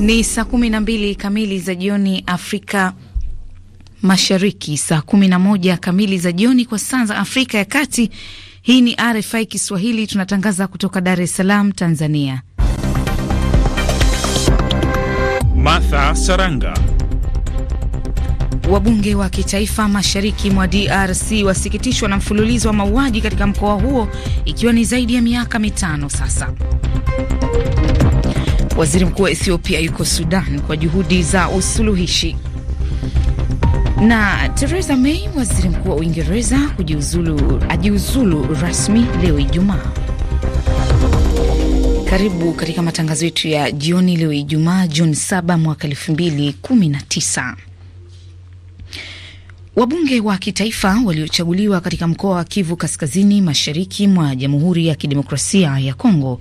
Ni saa kumi na mbili kamili za jioni Afrika Mashariki, saa kumi na moja kamili za jioni kwa saa za Afrika ya Kati. Hii ni RFI Kiswahili, tunatangaza kutoka Dar es Salaam, Tanzania. Martha Saranga. Wabunge wa kitaifa mashariki mwa DRC wasikitishwa na mfululizo wa mauaji katika mkoa huo ikiwa ni zaidi ya miaka mitano sasa. Waziri mkuu wa Ethiopia yuko Sudan kwa juhudi za usuluhishi. Na Theresa May, waziri mkuu wa Uingereza, kujiuzulu ajiuzulu rasmi leo Ijumaa. Karibu katika matangazo yetu ya jioni leo Ijumaa, Juni 7 mwaka 2019. Wabunge wa kitaifa waliochaguliwa katika mkoa wa Kivu Kaskazini, mashariki mwa Jamhuri ya Kidemokrasia ya Kongo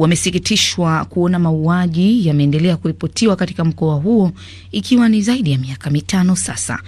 wamesikitishwa kuona mauaji yameendelea kuripotiwa katika mkoa huo ikiwa ni zaidi ya miaka mitano sasa.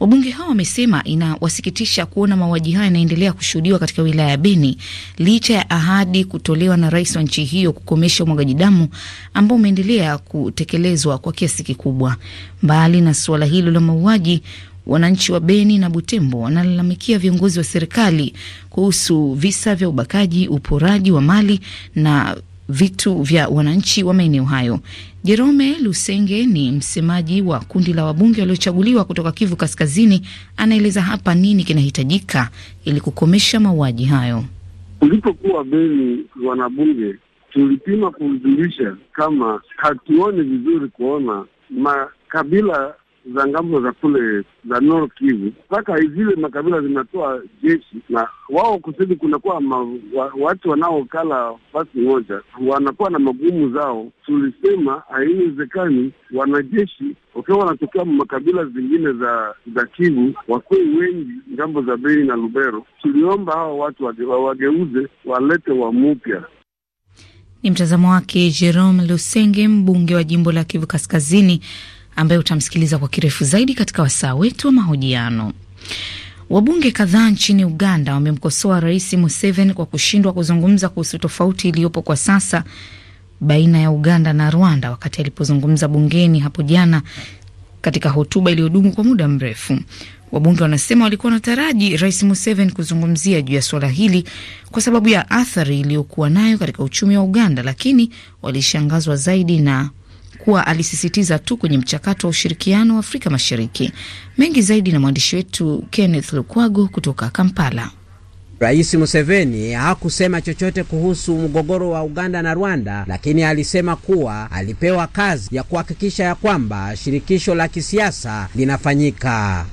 Wabunge hao wamesema inawasikitisha kuona mauaji hayo yanaendelea kushuhudiwa katika wilaya ya Beni licha ya ahadi kutolewa na rais wa nchi hiyo kukomesha umwagaji damu ambao umeendelea kutekelezwa kwa kiasi kikubwa. Mbali na suala hilo la mauaji, wananchi wa Beni na Butembo wanalalamikia viongozi wa serikali kuhusu visa vya ubakaji, uporaji wa mali na vitu vya wananchi wa maeneo hayo. Jerome Lusenge ni msemaji wa kundi la wabunge waliochaguliwa kutoka Kivu Kaskazini, anaeleza hapa nini kinahitajika ili kukomesha mauaji hayo. Tulipokuwa Beni, wanabunge tulipima kuhuzurisha kama hatuoni vizuri kuona makabila za ngambo za kule za North Kivu, mpaka zile makabila zinatoa jeshi na wao kusudi, kunakuwa wa, watu wanaokala fasi moja wanakuwa na magumu zao. Tulisema haiwezekani wanajeshi wakiwa okay, wanatokea makabila zingine za za Kivu wakuwe wengi ngambo za Beni na Lubero. Tuliomba hawa watu wage, wageuze walete wamupya ni mtazamo wake Jerome Lusenge, mbunge wa jimbo la Kivu Kaskazini, ambaye utamsikiliza kwa kirefu zaidi katika wasaa wetu wa mahojiano. Wabunge kadhaa nchini Uganda wamemkosoa Rais Museveni kwa kushindwa kuzungumza kuhusu tofauti iliyopo kwa sasa baina ya Uganda na Rwanda wakati alipozungumza bungeni hapo jana katika hotuba iliyodumu kwa muda mrefu. Wabunge wanasema walikuwa wanataraji Rais Museveni kuzungumzia juu ya suala hili kwa sababu ya athari iliyokuwa nayo katika uchumi wa Uganda, lakini walishangazwa zaidi na kuwa alisisitiza tu kwenye mchakato wa ushirikiano wa Afrika Mashariki. Mengi zaidi na mwandishi wetu Kenneth Lukwago kutoka Kampala. Rais Museveni hakusema chochote kuhusu mgogoro wa Uganda na Rwanda, lakini alisema kuwa alipewa kazi ya kuhakikisha ya kwamba shirikisho la kisiasa linafanyika.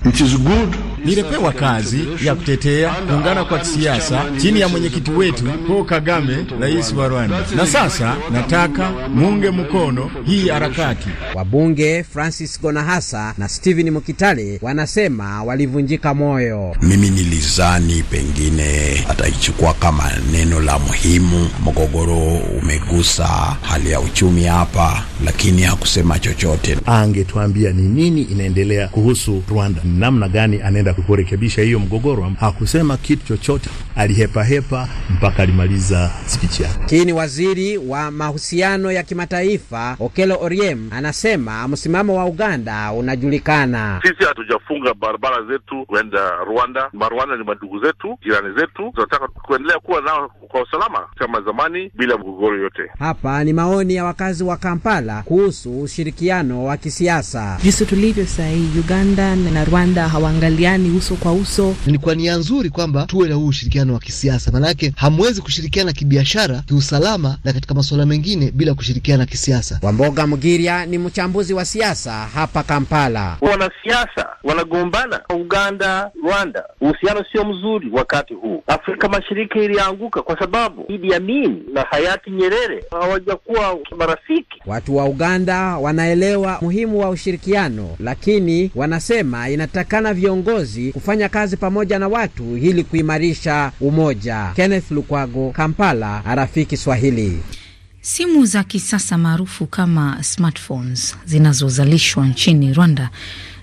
Nilipewa kazi ya kutetea kuungana kwa kisiasa chini ya mwenyekiti wetu Paul Kagame, rais wa Rwanda, na sasa nataka muunge mkono hii harakati. Wabunge Francis Gonahasa na Steven Mukitale wanasema walivunjika moyo. Mimi nilizani pengine ataichukua kama neno la muhimu. Mgogoro umegusa hali ya uchumi hapa, lakini hakusema chochote. Angetuambia ni nini inaendelea kuhusu Rwanda, namna gani anaenda kurekebisha hiyo mgogoro. Hakusema kitu chochote, alihepahepa mpaka alimaliza spichi yake. Hii ni waziri wa mahusiano ya kimataifa okelo oriem anasema msimamo wa Uganda unajulikana. Sisi hatujafunga barabara zetu kwenda Rwanda. Marwanda ni madugu zetu, jirani zetu zetu tunataka kuendelea kuwa nao kwa usalama kama zamani bila mgogoro yote. Hapa ni maoni ya wakazi wa Kampala kuhusu ushirikiano wa kisiasa. Jinsi tulivyo sasa, Uganda na Rwanda hawaangaliani uso kwa uso. Ni kwa nia nzuri kwamba tuwe na huu ushirikiano wa kisiasa, maanake hamwezi kushirikiana kibiashara, kiusalama na katika masuala mengine bila kushirikiana kisiasa. Wamboga Mugiria ni mchambuzi wa siasa hapa Kampala. Wanasiasa wanagombana Uganda, Rwanda, uhusiano sio mzuri wakati huu Afrika Mashariki ilianguka kwa sababu Idi Amin na hayati Nyerere hawajakuwa marafiki. Watu wa Uganda wanaelewa muhimu wa ushirikiano, lakini wanasema inatakana viongozi kufanya kazi pamoja na watu ili kuimarisha umoja. Kenneth Lukwago, Kampala, Arafiki swahili Simu za kisasa maarufu kama smartphones zinazozalishwa nchini Rwanda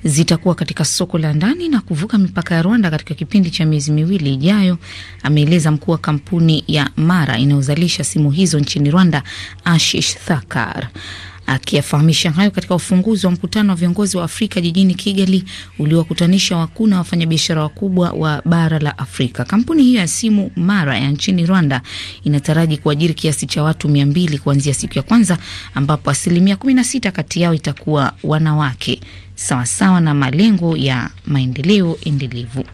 zitakuwa katika soko la ndani na kuvuka mipaka ya Rwanda katika kipindi cha miezi miwili ijayo, ameeleza mkuu wa kampuni ya Mara inayozalisha simu hizo nchini Rwanda, Ashish thakar akiyafahamisha hayo katika ufunguzi wa mkutano wa viongozi wa Afrika jijini Kigali uliowakutanisha wakuu na wafanyabiashara wakubwa wa bara la Afrika. Kampuni hiyo ya simu Mara ya nchini Rwanda inataraji kuajiri kiasi cha watu mia mbili kuanzia siku ya kwanza, ambapo asilimia kumi na sita kati yao itakuwa wanawake sawasawa na malengo ya maendeleo endelevu.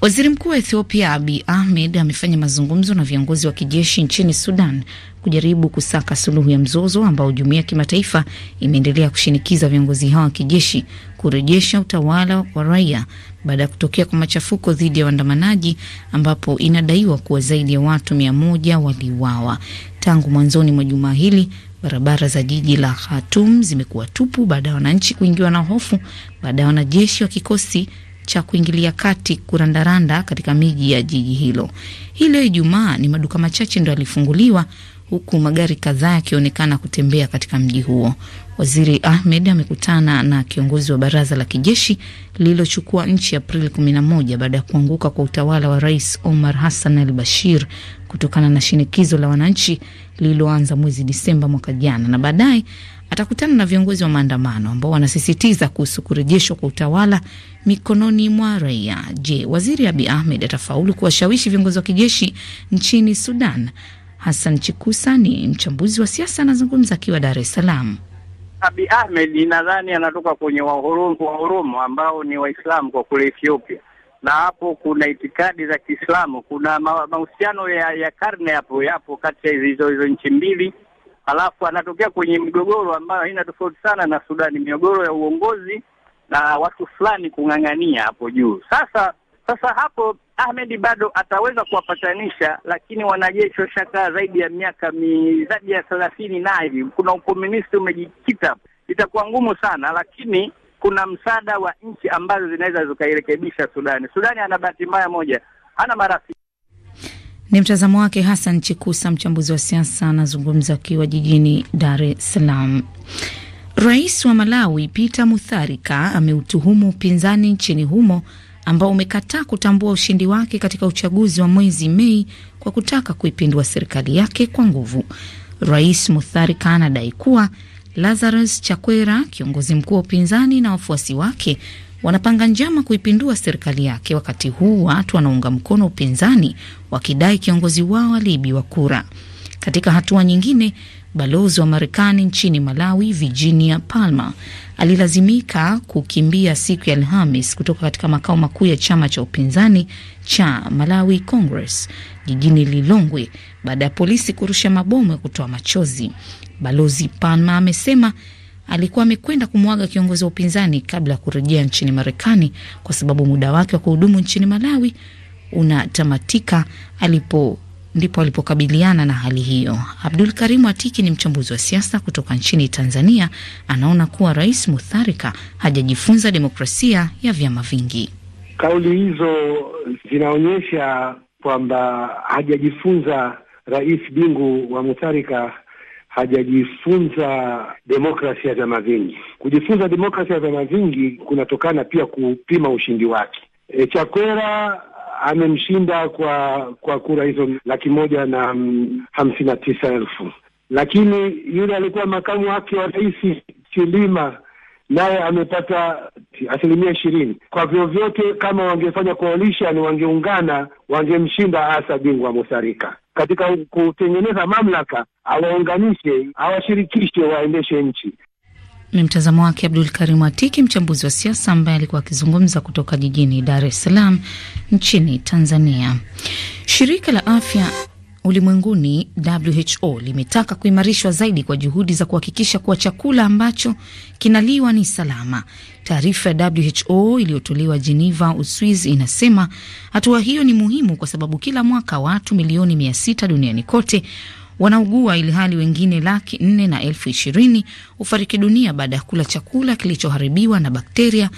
Waziri Mkuu wa Ethiopia abi Ahmed amefanya mazungumzo na viongozi wa kijeshi nchini Sudan kujaribu kusaka suluhu ya mzozo ambao jumuiya ya kimataifa imeendelea kushinikiza viongozi hao wa kijeshi kurejesha utawala wa raia baada ya kutokea kwa machafuko dhidi ya waandamanaji ambapo inadaiwa kuwa zaidi ya watu mia moja waliuawa tangu mwanzoni mwa jumaa hili. Barabara za jiji la Khartoum zimekuwa tupu baada ya wananchi kuingiwa na hofu baada ya wanajeshi wa kikosi cha kuingilia kati kurandaranda katika miji ya jiji hilo. Hii leo Ijumaa ni maduka machache ndo yalifunguliwa huku magari kadhaa yakionekana kutembea katika mji huo. Waziri Ahmed amekutana na kiongozi wa baraza la kijeshi lililochukua nchi Aprili 11 baada ya kuanguka kwa utawala wa Rais Omar Hassan al Bashir kutokana na shinikizo la wananchi lililoanza mwezi Disemba mwaka jana, na baadaye atakutana na viongozi wa maandamano ambao wanasisitiza kuhusu kurejeshwa kwa utawala mikononi mwa raia. Je, waziri Abi Ahmed atafaulu kuwashawishi viongozi wa kijeshi nchini Sudan? Hassan Chikusa ni mchambuzi wa siasa, anazungumza akiwa Dar es Salaam. Abi Ahmed nadhani anatoka kwenye wahurumu ambao ni Waislamu kwa kule Ethiopia, na hapo kuna itikadi za Kiislamu. Kuna mahusiano ya, ya karne hapo yapo kati ya hizo hizo nchi mbili, alafu anatokea kwenye migogoro ambayo haina tofauti sana na Sudani, migogoro ya uongozi na watu fulani kung'ang'ania hapo juu. Sasa sasa hapo Ahmed bado ataweza kuwapatanisha, lakini wanajeshi washakaa zaidi ya miaka mi zaidi ya thelathini na hivi, kuna ukomunisti umejikita, itakuwa ngumu sana, lakini kuna msaada wa nchi ambazo zinaweza zikairekebisha Sudani. Sudani ana bahati mbaya moja, hana marafiki. Ni mtazamo wake Hassan Chikusa, mchambuzi wa siasa, anazungumza akiwa jijini Dar es Salaam. Rais wa Malawi Peter Mutharika ameutuhumu upinzani nchini humo ambao umekataa kutambua ushindi wake katika uchaguzi wa mwezi Mei kwa kutaka kuipindua serikali yake kwa nguvu. Rais Mutharika anadai kuwa Lazarus Chakwera, kiongozi mkuu wa upinzani, na wafuasi wake wanapanga njama kuipindua serikali yake, wakati huu watu wanaunga mkono upinzani wakidai kiongozi wao aliibiwa kura. Katika hatua nyingine, balozi wa Marekani nchini Malawi, Virginia Palmer, alilazimika kukimbia siku ya Alhamis kutoka katika makao makuu ya chama cha upinzani cha Malawi Congress jijini Lilongwe baada ya polisi kurusha mabomu ya kutoa machozi. Balozi palma amesema alikuwa amekwenda kumwaga kiongozi wa upinzani kabla ya kurejea nchini Marekani kwa sababu muda wake wa kuhudumu nchini Malawi unatamatika alipo ndipo walipokabiliana na hali hiyo. Abdul Karimu Atiki ni mchambuzi wa siasa kutoka nchini Tanzania, anaona kuwa Rais Mutharika hajajifunza demokrasia ya vyama vingi. Kauli hizo zinaonyesha kwamba hajajifunza rais Bingu wa Mutharika hajajifunza demokrasi ya vyama vingi. Kujifunza demokrasi ya vyama vingi kunatokana pia kupima ushindi wake. E, Chakwera amemshinda kwa kwa kura hizo laki moja na mm, hamsini na tisa elfu, lakini yule alikuwa makamu wake wa rais Chilima naye amepata asilimia ishirini. Kwa vyovyote, kama wangefanya coalition, wangeungana, wangemshinda hasa bingwa mosarika Katika kutengeneza mamlaka, awaunganishe, awashirikishe, waendeshe nchi. Ni mtazamo wake Abdul Karimu Atiki, mchambuzi wa siasa ambaye alikuwa akizungumza kutoka jijini Dar es Salaam nchini Tanzania. Shirika la Afya Ulimwenguni WHO limetaka kuimarishwa zaidi kwa juhudi za kuhakikisha kuwa chakula ambacho kinaliwa ni salama. Taarifa ya WHO iliyotolewa Geneva, Uswizi inasema hatua hiyo ni muhimu kwa sababu kila mwaka watu milioni 6 duniani kote wanaugua ili hali wengine laki nne na elfu ishirini hufariki dunia baada ya kula chakula kilichoharibiwa na bakteria,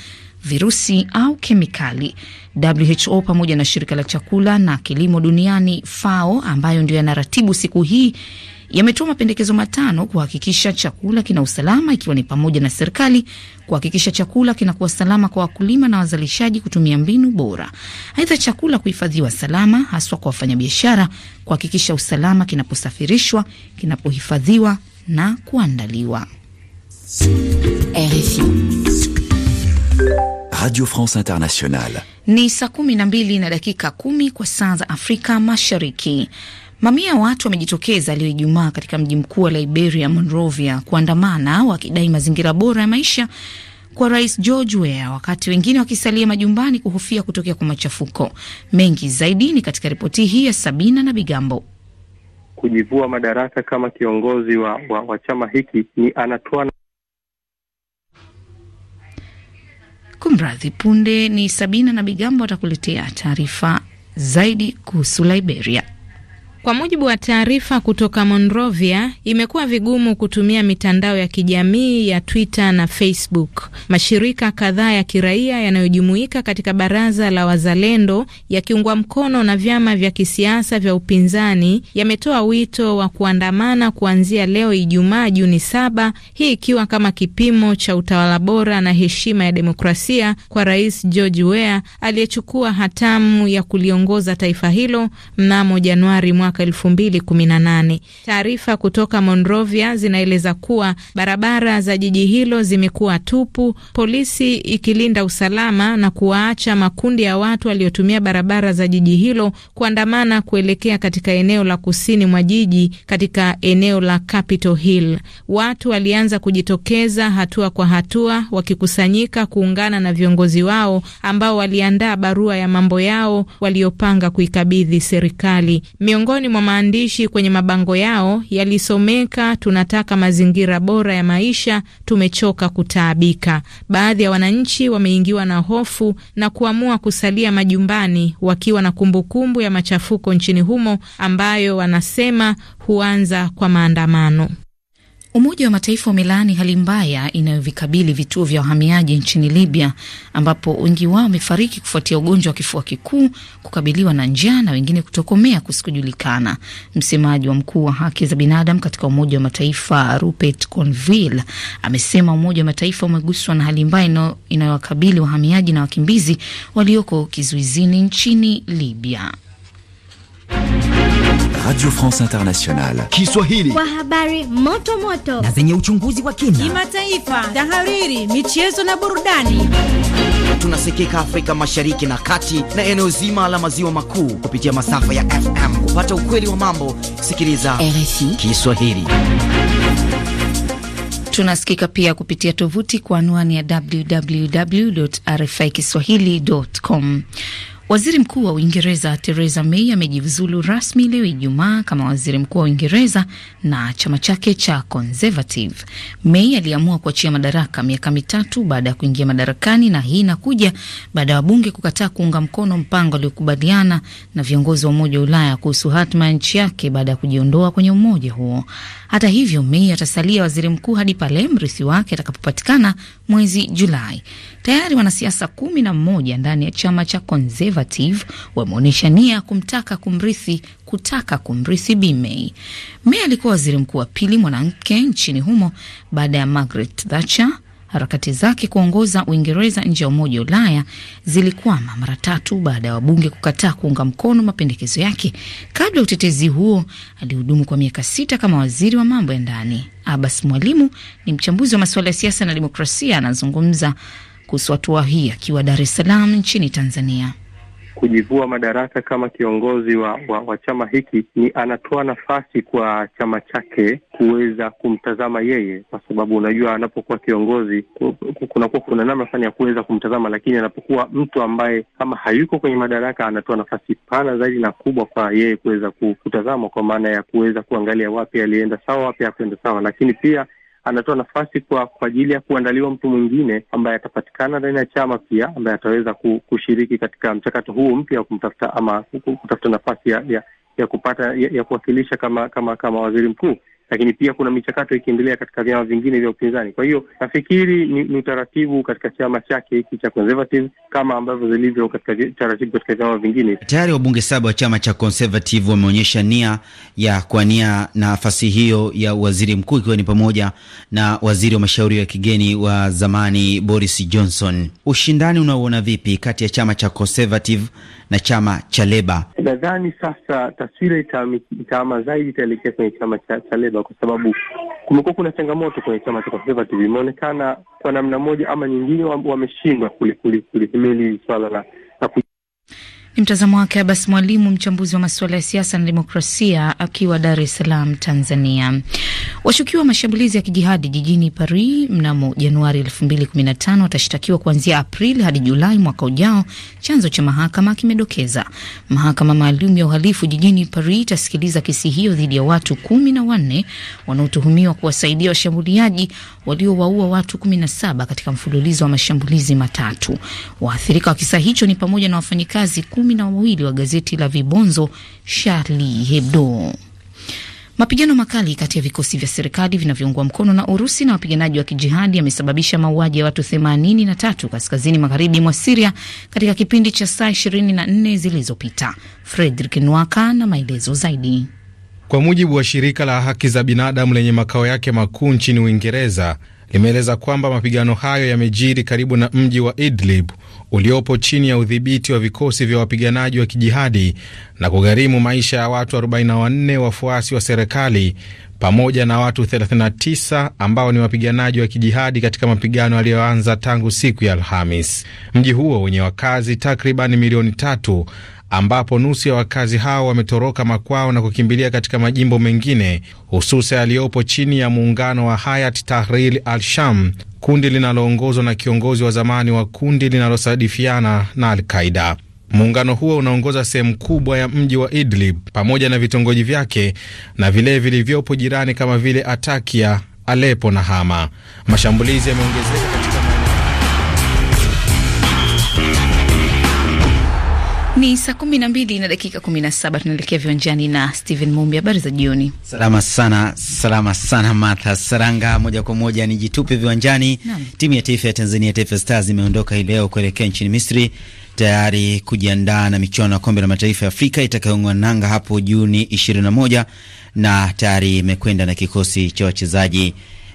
virusi au kemikali. WHO pamoja na shirika la chakula na kilimo duniani FAO, ambayo ndio yanaratibu siku hii yametoa mapendekezo matano kuhakikisha chakula kina usalama, ikiwa ni pamoja na serikali kuhakikisha chakula kinakuwa salama kwa wakulima na wazalishaji kutumia mbinu bora. Aidha, chakula kuhifadhiwa salama, haswa kwa wafanyabiashara, kuhakikisha usalama kinaposafirishwa, kinapohifadhiwa na kuandaliwa. RFI Radio France Internationale. Ni saa kumi na mbili na dakika kumi kwa saa za Afrika Mashariki. Mamia ya watu wamejitokeza leo Ijumaa katika mji mkuu wa Liberia, Monrovia, kuandamana wakidai mazingira bora ya maisha kwa Rais George Weah, wakati wengine wakisalia majumbani kuhofia kutokea kwa machafuko mengi. Zaidi ni katika ripoti hii ya Sabina na Bigambo. Kujivua madaraka kama kiongozi wa, wa, wa chama hiki ni anatoa Kumradhi, punde ni Sabina na Bigambo watakuletea taarifa zaidi kuhusu Liberia. Kwa mujibu wa taarifa kutoka Monrovia, imekuwa vigumu kutumia mitandao ya kijamii ya Twitter na Facebook. Mashirika kadhaa ya kiraia yanayojumuika katika baraza la wazalendo yakiungwa mkono na vyama vya kisiasa vya upinzani yametoa wito wa kuandamana kuanzia leo Ijumaa Juni saba, hii ikiwa kama kipimo cha utawala bora na heshima ya demokrasia kwa Rais George Weah aliyechukua hatamu ya kuliongoza taifa hilo mnamo Januari mwaka mwaka nane. Taarifa kutoka Monrovia zinaeleza kuwa barabara za jiji hilo zimekuwa tupu, polisi ikilinda usalama na kuwaacha makundi ya watu waliotumia barabara za jiji hilo kuandamana kuelekea katika eneo la kusini mwa jiji katika eneo la Capitol Hill. Watu walianza kujitokeza hatua kwa hatua wakikusanyika kuungana na viongozi wao ambao waliandaa barua ya mambo yao waliopanga kuikabidhi serikali. Miongoni Miongoni mwa maandishi kwenye mabango yao yalisomeka, tunataka mazingira bora ya maisha, tumechoka kutaabika. Baadhi ya wananchi wameingiwa na hofu na kuamua kusalia majumbani wakiwa na kumbukumbu ya machafuko nchini humo ambayo wanasema huanza kwa maandamano. Umoja wa Mataifa umelaani hali mbaya inayovikabili vituo vya wahamiaji nchini Libya, ambapo wengi wao wamefariki kufuatia ugonjwa wa kifua kikuu, kukabiliwa na njaa na wengine kutokomea kusikujulikana. Msemaji wa mkuu wa haki za binadamu katika Umoja wa Mataifa Rupert conville amesema Umoja wa Mataifa umeguswa na hali mbaya inayowakabili wahamiaji na wakimbizi walioko kizuizini nchini Libya. Radio France Internationale Kiswahili kwa habari moto moto na zenye uchunguzi wa kina, kimataifa, tahariri, michezo na burudani. Tunasikika Afrika Mashariki na Kati na eneo zima la maziwa makuu kupitia masafa ya FM. Kupata ukweli wa mambo, sikiliza RFI Kiswahili. Tunasikika pia kupitia tovuti kwa anwani ya www.rfikiswahili.com. Waziri Mkuu wa Uingereza Theresa May amejiuzulu rasmi leo Ijumaa kama waziri mkuu wa Uingereza na chama chake cha Conservative. May aliamua kuachia madaraka miaka mitatu baada ya kuingia madarakani, na hii inakuja baada ya wabunge kukataa kuunga mkono mpango aliokubaliana na viongozi wa Umoja wa Ulaya kuhusu hatma ya nchi yake baada ya kujiondoa kwenye umoja huo. Hata hivyo, May atasalia waziri mkuu hadi pale mrithi wake atakapopatikana mwezi Julai. Tayari wanasiasa kumi na mmoja ndani ya chama cha Conservative Conservative wameonyesha nia kumtaka kumrithi kutaka kumrithi Bi May. May alikuwa waziri mkuu wa pili mwanamke nchini humo baada ya Margaret Thatcher. Harakati zake kuongoza Uingereza nje ya Umoja wa Ulaya zilikwama mara tatu baada ya wabunge kukataa kuunga mkono mapendekezo yake. Kabla ya utetezi huo, alihudumu kwa miaka sita kama waziri wa mambo ya ndani. Abbas Mwalimu ni mchambuzi wa masuala ya siasa na demokrasia, anazungumza kuhusu hatua hii akiwa Dar es Salaam nchini Tanzania kujivua madaraka kama kiongozi wa, wa, wa chama hiki ni anatoa nafasi kwa chama chake kuweza kumtazama yeye, kwa sababu unajua anapokuwa kiongozi kunakuwa kuna namna fani ya kuweza kumtazama, lakini anapokuwa mtu ambaye kama hayuko kwenye madaraka anatoa nafasi pana zaidi na kubwa kwa yeye kuweza kutazama, kwa maana ya kuweza kuangalia wapi alienda sawa, wapi akuenda sawa, lakini pia anatoa nafasi kwa kwa ajili ya kuandaliwa mtu mwingine ambaye atapatikana ndani ya chama pia ambaye ataweza kushiriki katika mchakato huo mpya wa kumtafuta ama kutafuta nafasi ya, ya ya kupata ya, ya kuwakilisha kama kama kama waziri mkuu lakini pia kuna michakato ikiendelea katika vyama vingine vya upinzani. Kwa hiyo nafikiri ni, ni utaratibu katika chama chake hiki cha Conservative kama ambavyo zilivyo katika taratibu katika vyama vingine. Tayari wabunge saba wa chama cha Conservative wameonyesha nia ya kuania nafasi hiyo ya waziri mkuu, ikiwa ni pamoja na waziri wa mashauri ya kigeni wa zamani Boris Johnson. Ushindani unaoona vipi kati ya chama cha Conservative na chama cha Leba. Nadhani sasa taswira itaama zaidi itaelekea kwenye chama cha Leba kwa sababu kumekuwa kuna changamoto kwenye chama cha Conservative. Imeonekana kwa namna moja ama nyingine wameshindwa kulihimili swala la ni mtazamo wake Abas Mwalimu, mchambuzi wa masuala ya siasa na demokrasia, akiwa Dar es Salaam, Tanzania. Washukiwa mashambulizi ya kijihadi jijini Paris mnamo Januari 2015 watashtakiwa kuanzia Aprili hadi Julai mwaka ujao, chanzo cha mahakama kimedokeza. Mahakama maalum ya uhalifu jijini Paris itasikiliza kesi hiyo dhidi ya watu kumi na wanne wanaotuhumiwa kuwasaidia washambuliaji waliowaua watu 17 katika mfululizo wa mashambulizi matatu. Waathirika wa kisa hicho ni pamoja na wafanyikazi kumi kumi na wawili wa gazeti la vibonzo Charlie Hebdo. Mapigano makali kati ya vikosi vya serikali vinavyoungwa mkono na Urusi na wapiganaji wa kijihadi yamesababisha mauaji ya watu 83 kaskazini magharibi mwa Siria katika kipindi cha saa 24 zilizopita. Fredrik Nwaka na maelezo zaidi. Kwa mujibu wa shirika la haki za binadamu lenye makao yake makuu nchini Uingereza, limeeleza kwamba mapigano hayo yamejiri karibu na mji wa Idlib uliopo chini ya udhibiti wa vikosi vya wapiganaji wa kijihadi na kugharimu maisha ya watu 44 wafuasi wa serikali pamoja na watu 39 ambao ni wapiganaji wa kijihadi katika mapigano yaliyoanza tangu siku ya Alhamis. Mji huo wenye wakazi takriban milioni tatu ambapo nusu ya wakazi hao wametoroka makwao na kukimbilia katika majimbo mengine, hususa yaliyopo chini ya muungano wa Hayat Tahrir al-Sham, kundi linaloongozwa na kiongozi wa zamani wa kundi linalosadifiana na Al-Qaida. Muungano huo unaongoza sehemu kubwa ya mji wa Idlib pamoja na vitongoji vyake na vile vilivyopo jirani kama vile Atakia, Alepo na Hama. Mashambulizi yameongezeka katika Ni saa kumi na mbili na dakika kumi na saba tunaelekea viwanjani na Steven Mumbi. Habari za jioni. Salama sana, salama sana Martha Saranga. Moja kwa moja ni jitupe viwanjani. Timu ya taifa ya Tanzania, Taifa Stars, imeondoka hii leo kuelekea nchini Misri tayari kujiandaa na michuano ya kombe la mataifa ya Afrika itakayoungwa nanga hapo Juni 21 na tayari imekwenda na kikosi cha wachezaji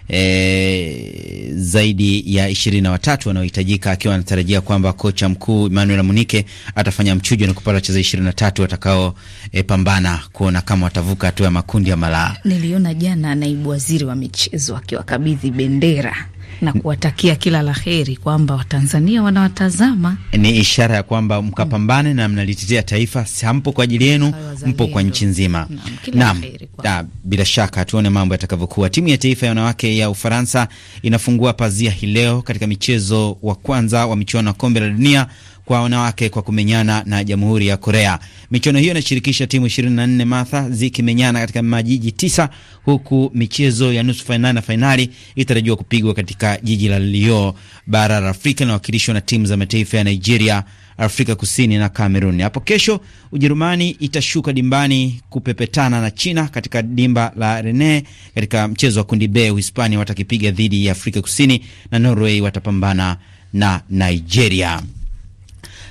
e, zaidi ya ishirini na watatu wanaohitajika, akiwa anatarajia kwamba kocha mkuu Emmanuel Munike atafanya mchujo na kupata wachezaji ishirini na tatu watakaopambana e, kuona kama watavuka hatua ya makundi ya malaa. Niliona jana naibu waziri wa michezo akiwakabidhi bendera na kuwatakia kila la heri kwamba Watanzania wanawatazama. Ni ishara ya kwamba mkapambane na mnalitetea taifa, sampo kwa ajili yenu, mpo kwa nchi nzima. Naam, na, bila shaka tuone mambo yatakavyokuwa. Timu ya taifa ya wanawake ya Ufaransa inafungua pazia hii leo katika michezo wa kwanza wa michuano ya kombe la dunia kwa wanawake kwa kumenyana na Jamhuri ya Korea. Michuano hiyo inashirikisha timu 24 matha zikimenyana katika majiji tisa, huku michezo ya nusu fainali na fainali itarajiwa kupigwa katika jiji la Lyon. Bara la Afrika linawakilishwa na timu za mataifa ya Nigeria, Afrika Kusini na Cameroon. Hapo kesho Ujerumani itashuka dimbani kupepetana na China katika dimba la Rene katika mchezo wa kundi B. Uhispania watakipiga dhidi ya Afrika Kusini na Norway watapambana na Nigeria.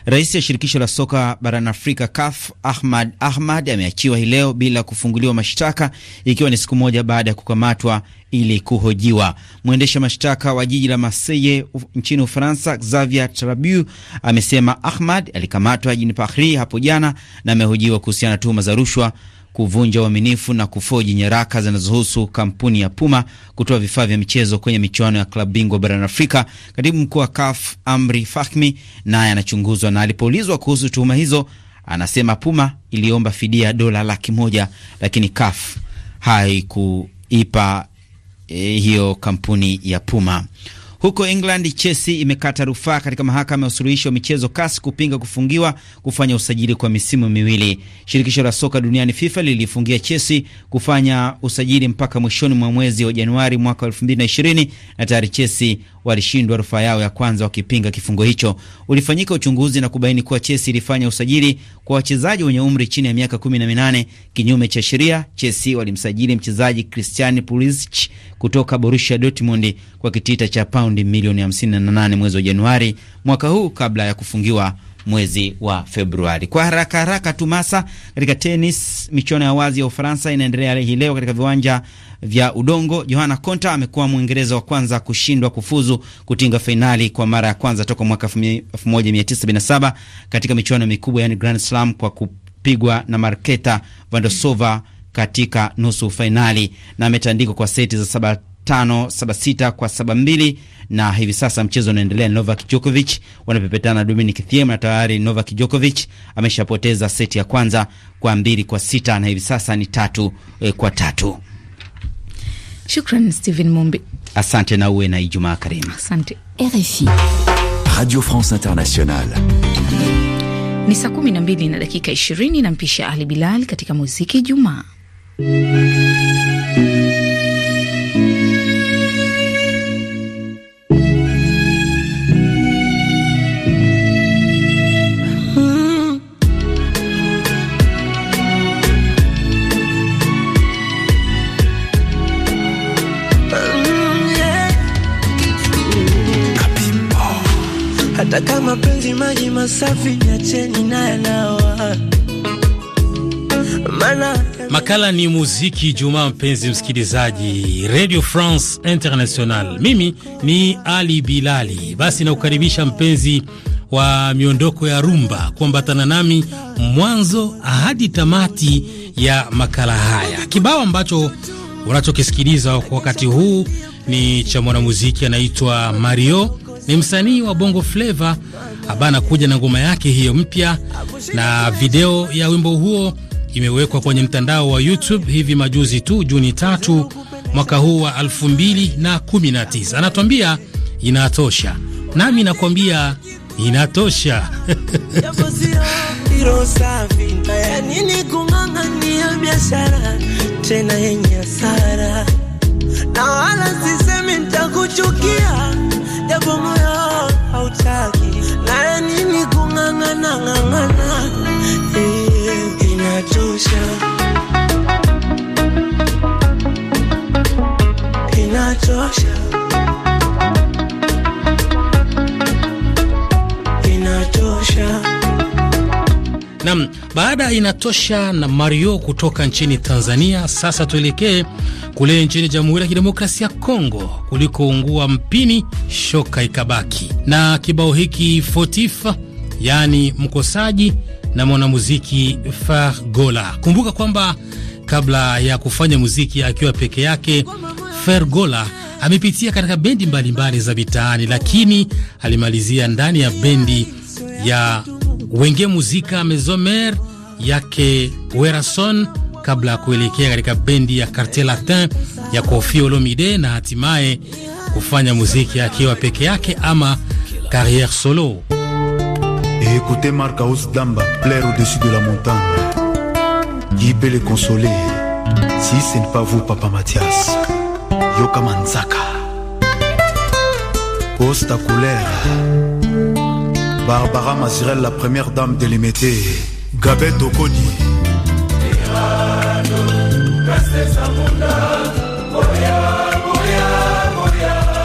Rais ya shirikisho la soka barani Afrika CAF Ahmad Ahmad ameachiwa hii leo bila kufunguliwa mashtaka, ikiwa ni siku moja baada ya kukamatwa ili kuhojiwa. Mwendesha mashtaka wa jiji la Marseille nchini Ufaransa, Xavier Trabu, amesema Ahmad alikamatwa jijini Paris hapo jana na amehojiwa kuhusiana na tuhuma za rushwa kuvunja uaminifu na kufoji nyaraka zinazohusu kampuni ya Puma kutoa vifaa vya michezo kwenye michuano ya klabu bingwa barani Afrika. Katibu mkuu wa CAF Amri Fahmi naye anachunguzwa na, na alipoulizwa kuhusu tuhuma hizo anasema Puma iliomba fidia dola laki moja lakini CAF haikuipa eh, hiyo kampuni ya Puma. Huko England, Chelsea imekata rufaa katika mahakama ya usuluhishi wa michezo CAS kupinga kufungiwa kufanya usajili kwa misimu miwili. Shirikisho la soka duniani FIFA lilifungia Chelsea kufanya usajili mpaka mwishoni mwa mwezi wa Januari mwaka 2020 na tayari Chelsea walishindwa rufaa yao ya kwanza wakipinga kifungo hicho. Ulifanyika uchunguzi na kubaini kuwa Chelsea ilifanya usajili kwa wachezaji wenye umri chini ya miaka 18 kinyume cha sheria. Chelsea walimsajili mchezaji Christian Pulisic kutoka Borussia Dortmund kwa kitita cha paundi milioni 58 mwezi wa Januari mwaka huu kabla ya kufungiwa mwezi wa Februari. Kwa haraka haraka tu masa katika tenis, michuano ya wazi ya Ufaransa inaendelea hii leo katika viwanja vya udongo. Johanna Konta amekuwa Mwingereza wa kwanza kushindwa kufuzu kutinga fainali kwa mara ya kwanza toka mwaka 1977 katika michuano mikubwa, yani Grand Slam, kwa kupigwa na Marketa Vandosova katika nusu fainali na ametandikwa kwa seti za saba 5 saba sita kwa saba mbili na hivi sasa mchezo unaendelea. Novak Djokovic wanapepetana na Dominic Thiem, na tayari Novak Djokovic ameshapoteza seti ya kwanza kwa mbili kwa sita na hivi sasa ni tatu eh, kwa tatu. Shukran Steven Mumbi, asante na uwe na Ijumaa karimu. Asante RFI, Radio France Internationale. Ni saa 12 na dakika 20 na mpisha Ali Bilal katika muziki Ijumaa. Eti maji masafi yacheni na Mana... Makala ni muziki Jumaa, mpenzi msikilizaji Radio France International, mimi ni Ali Bilali. Basi nakukaribisha mpenzi wa miondoko ya rumba kuambatana nami mwanzo hadi tamati ya makala haya. Kibao ambacho unachokisikiliza kwa wakati huu ni cha mwanamuziki anaitwa Mario, ni msanii wa Bongo Flava ambaye anakuja na ngoma yake hiyo mpya, na video ya wimbo huo imewekwa kwenye mtandao wa YouTube hivi majuzi tu, Juni tatu mwaka huu wa 2019. Anatuambia inatosha, nami nakwambia inatosha. tena yenye hasara na wala sisemi nitakuchukia, japo moyo hautaki naye nini kung'ang'ana ng'ang'ana eh, inatosha inatosha inatosha Nam, baada ya inatosha na Mario kutoka nchini Tanzania, sasa tuelekee kule nchini Jamhuri ya Kidemokrasia ya Kongo kulikoungua mpini shoka ikabaki na kibao hiki fotif, yaani mkosaji na mwanamuziki Fergola. Kumbuka kwamba kabla ya kufanya muziki akiwa peke yake, Fergola amepitia katika bendi mbalimbali mbali za mitaani, lakini alimalizia ndani ya bendi ya Wenge Muzika Mesomer yake Werason kabla ya kuelekea katika bendi ya Quartier Latin ya Koffi Olomide na hatimaye kufanya muziki akiwa peke yake ama carriere solo. Ecoute écoutez Marc Damba plaire au-dessus de la montagne. Qui peut le consoler si ce n'est pas vous Papa Mathias? Yoka Manzaka. Costa Coulera. Barbara Mazirel, la première dame de l'Imété, Gabet Okodi.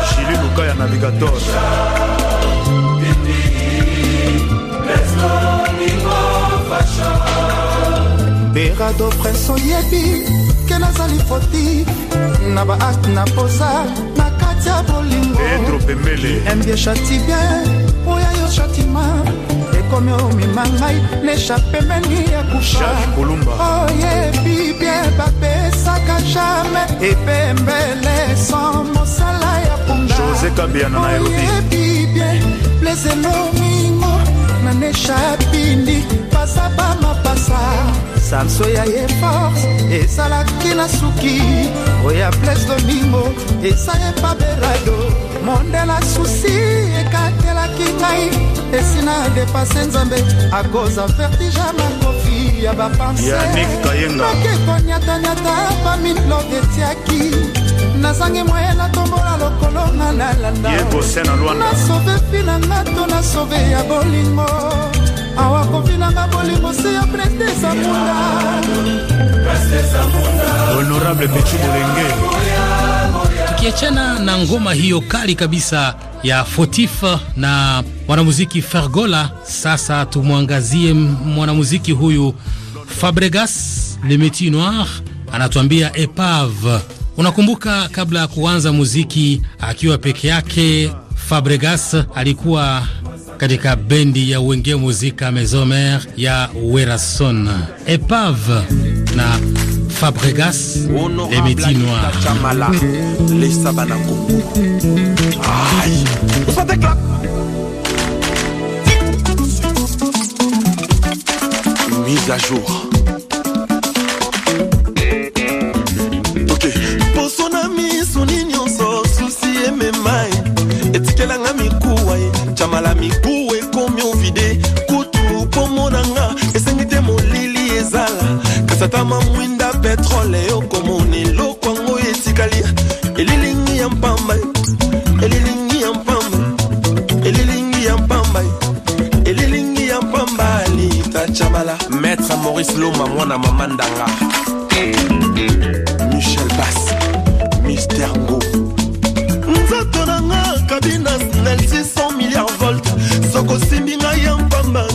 Chili Lukaya Navigator. berado prince oyebi ke nazali foti na baakte na poza na kati ya bolingo mbie chati bien oya shatima ekomi omema ngai neshapemeni ya kufaoyebi bie bapesaka jamai epembele san mosala ya pundaoyebi bie pleselomingo naneshapindi pasa bamapasa sanso ya eforce ezalaki na suki oya oh, bles domingo esayepa berado mondela susi ekatelaki ngai esina depase nzambe akoza vertige makofi ya bapanseaki koniataniata bamilove etiaki nazangi moyela tombola lokolo nga nalandanasove fi na nga to nasove ya bolingo awa kofi na nga bolingo se ya prestesa munda honorable pechu bolenge Tukiachana na ngoma hiyo kali kabisa ya Fotif na mwanamuziki Fergola, sasa tumwangazie mwanamuziki huyu Fabregas Le Meti Noir anatuambia Epave. Unakumbuka kabla ya kuanza muziki akiwa peke yake Fabregas alikuwa Kadika bendi ya Wenge Muzika Mesomer ya Werason Epave na Fabregas les Métis Noirs. Mise à jour. Ok. Poso na miso ni nyonso susi ememai etikelanga mikuwa ye chamala mibu ekomi ovide kutu pomo na nga esengi te molili ezala kasi ata mamwinda petrole okomona eloko yango etikali elilingi ya mpamba elilingi ya mpamba elilingi ya mpamba elilingi ya mpamba alita chamala maître maurice loma mwana mama ndanga eh, michel bas mister ngou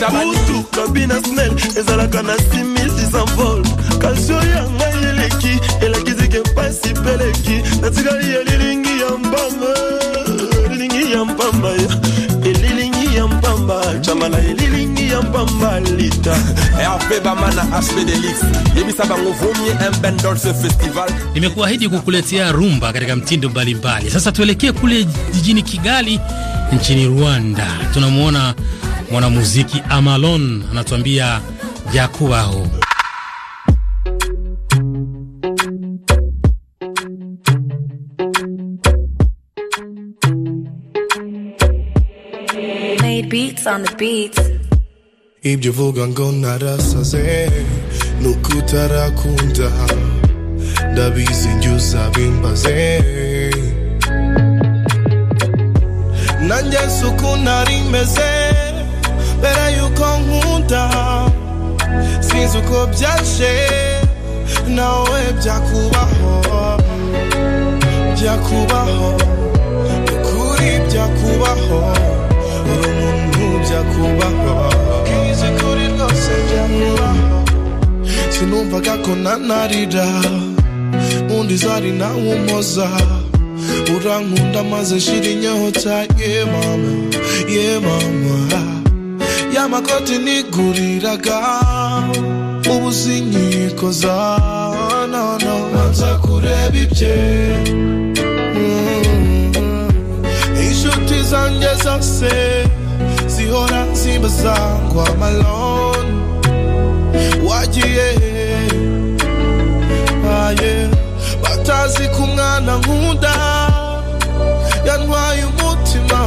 kabi na snel ezalaka na kalsio ya ngai eleki mpasi peleki natikali ya ya elilingi ya elilingi ya lita rp eh, aspedelix yebisa bango vomie mbendolse festival nimekuahidi kukuletea rumba katika mtindo mbalimbali sasa tuelekee kule jijini kigali nchini rwanda tunamwona mwanamuziki Amalon anatuambia Jakuaho. ibyo uvuga ngo narasaze nukutarakunda ndabizi njye uzabimbaze nanjye suku narimeze mbera yuko nkunda sinzi uko byaje nawe byakubaho byakubaho ukuri byakubaho uri umuntu byakubaho bwize kuri rwose byakubaho sinumvaga ko nanarira undi zari nawe umpoza urankunda maze shira inyota ye mama ye mama y'amakoti niguriraga ubuzinyiko sinkiko za nono nza kureba ibye mm-hmm. inshuti zanjye zose zihora zimbaza ngo amaloni wagiye baye batazi ku mwana nkunda yantwaye umutima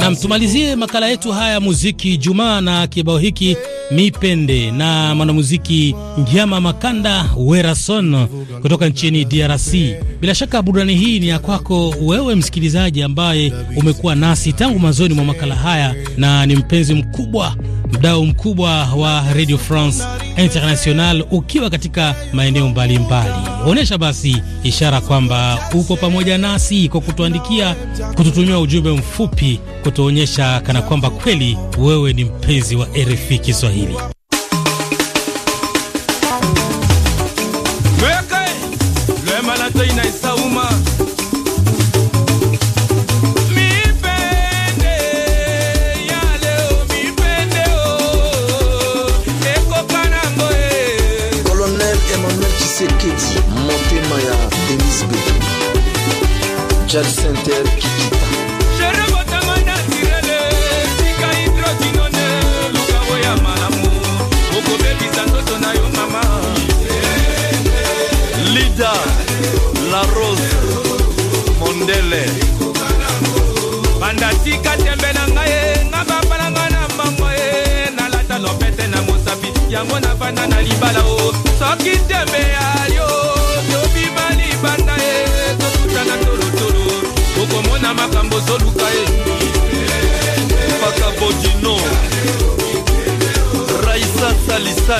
Nam, tumalizie makala yetu haya muziki Jumaa na kibao hiki mipende na mwanamuziki Ngiama Makanda Werason kutoka nchini DRC. Bila shaka burudani hii ni ya kwako wewe msikilizaji, ambaye umekuwa nasi tangu mwanzoni mwa makala haya na ni mpenzi mkubwa, mdau mkubwa wa Radio France International ukiwa katika maeneo mbalimbali. Onyesha basi ishara kwamba uko pamoja nasi kwa kutuandikia, kututumia ujumbe mfupi, kutuonyesha kana kwamba kweli wewe ni mpenzi wa RFI Kiswahili. jeune center kikita lida la rose mondele banda tika tembe na ngai e nga bapalanga na mbango e nalata lopete na mosapi yango na banda na libala o soki tembe Eh. Eh.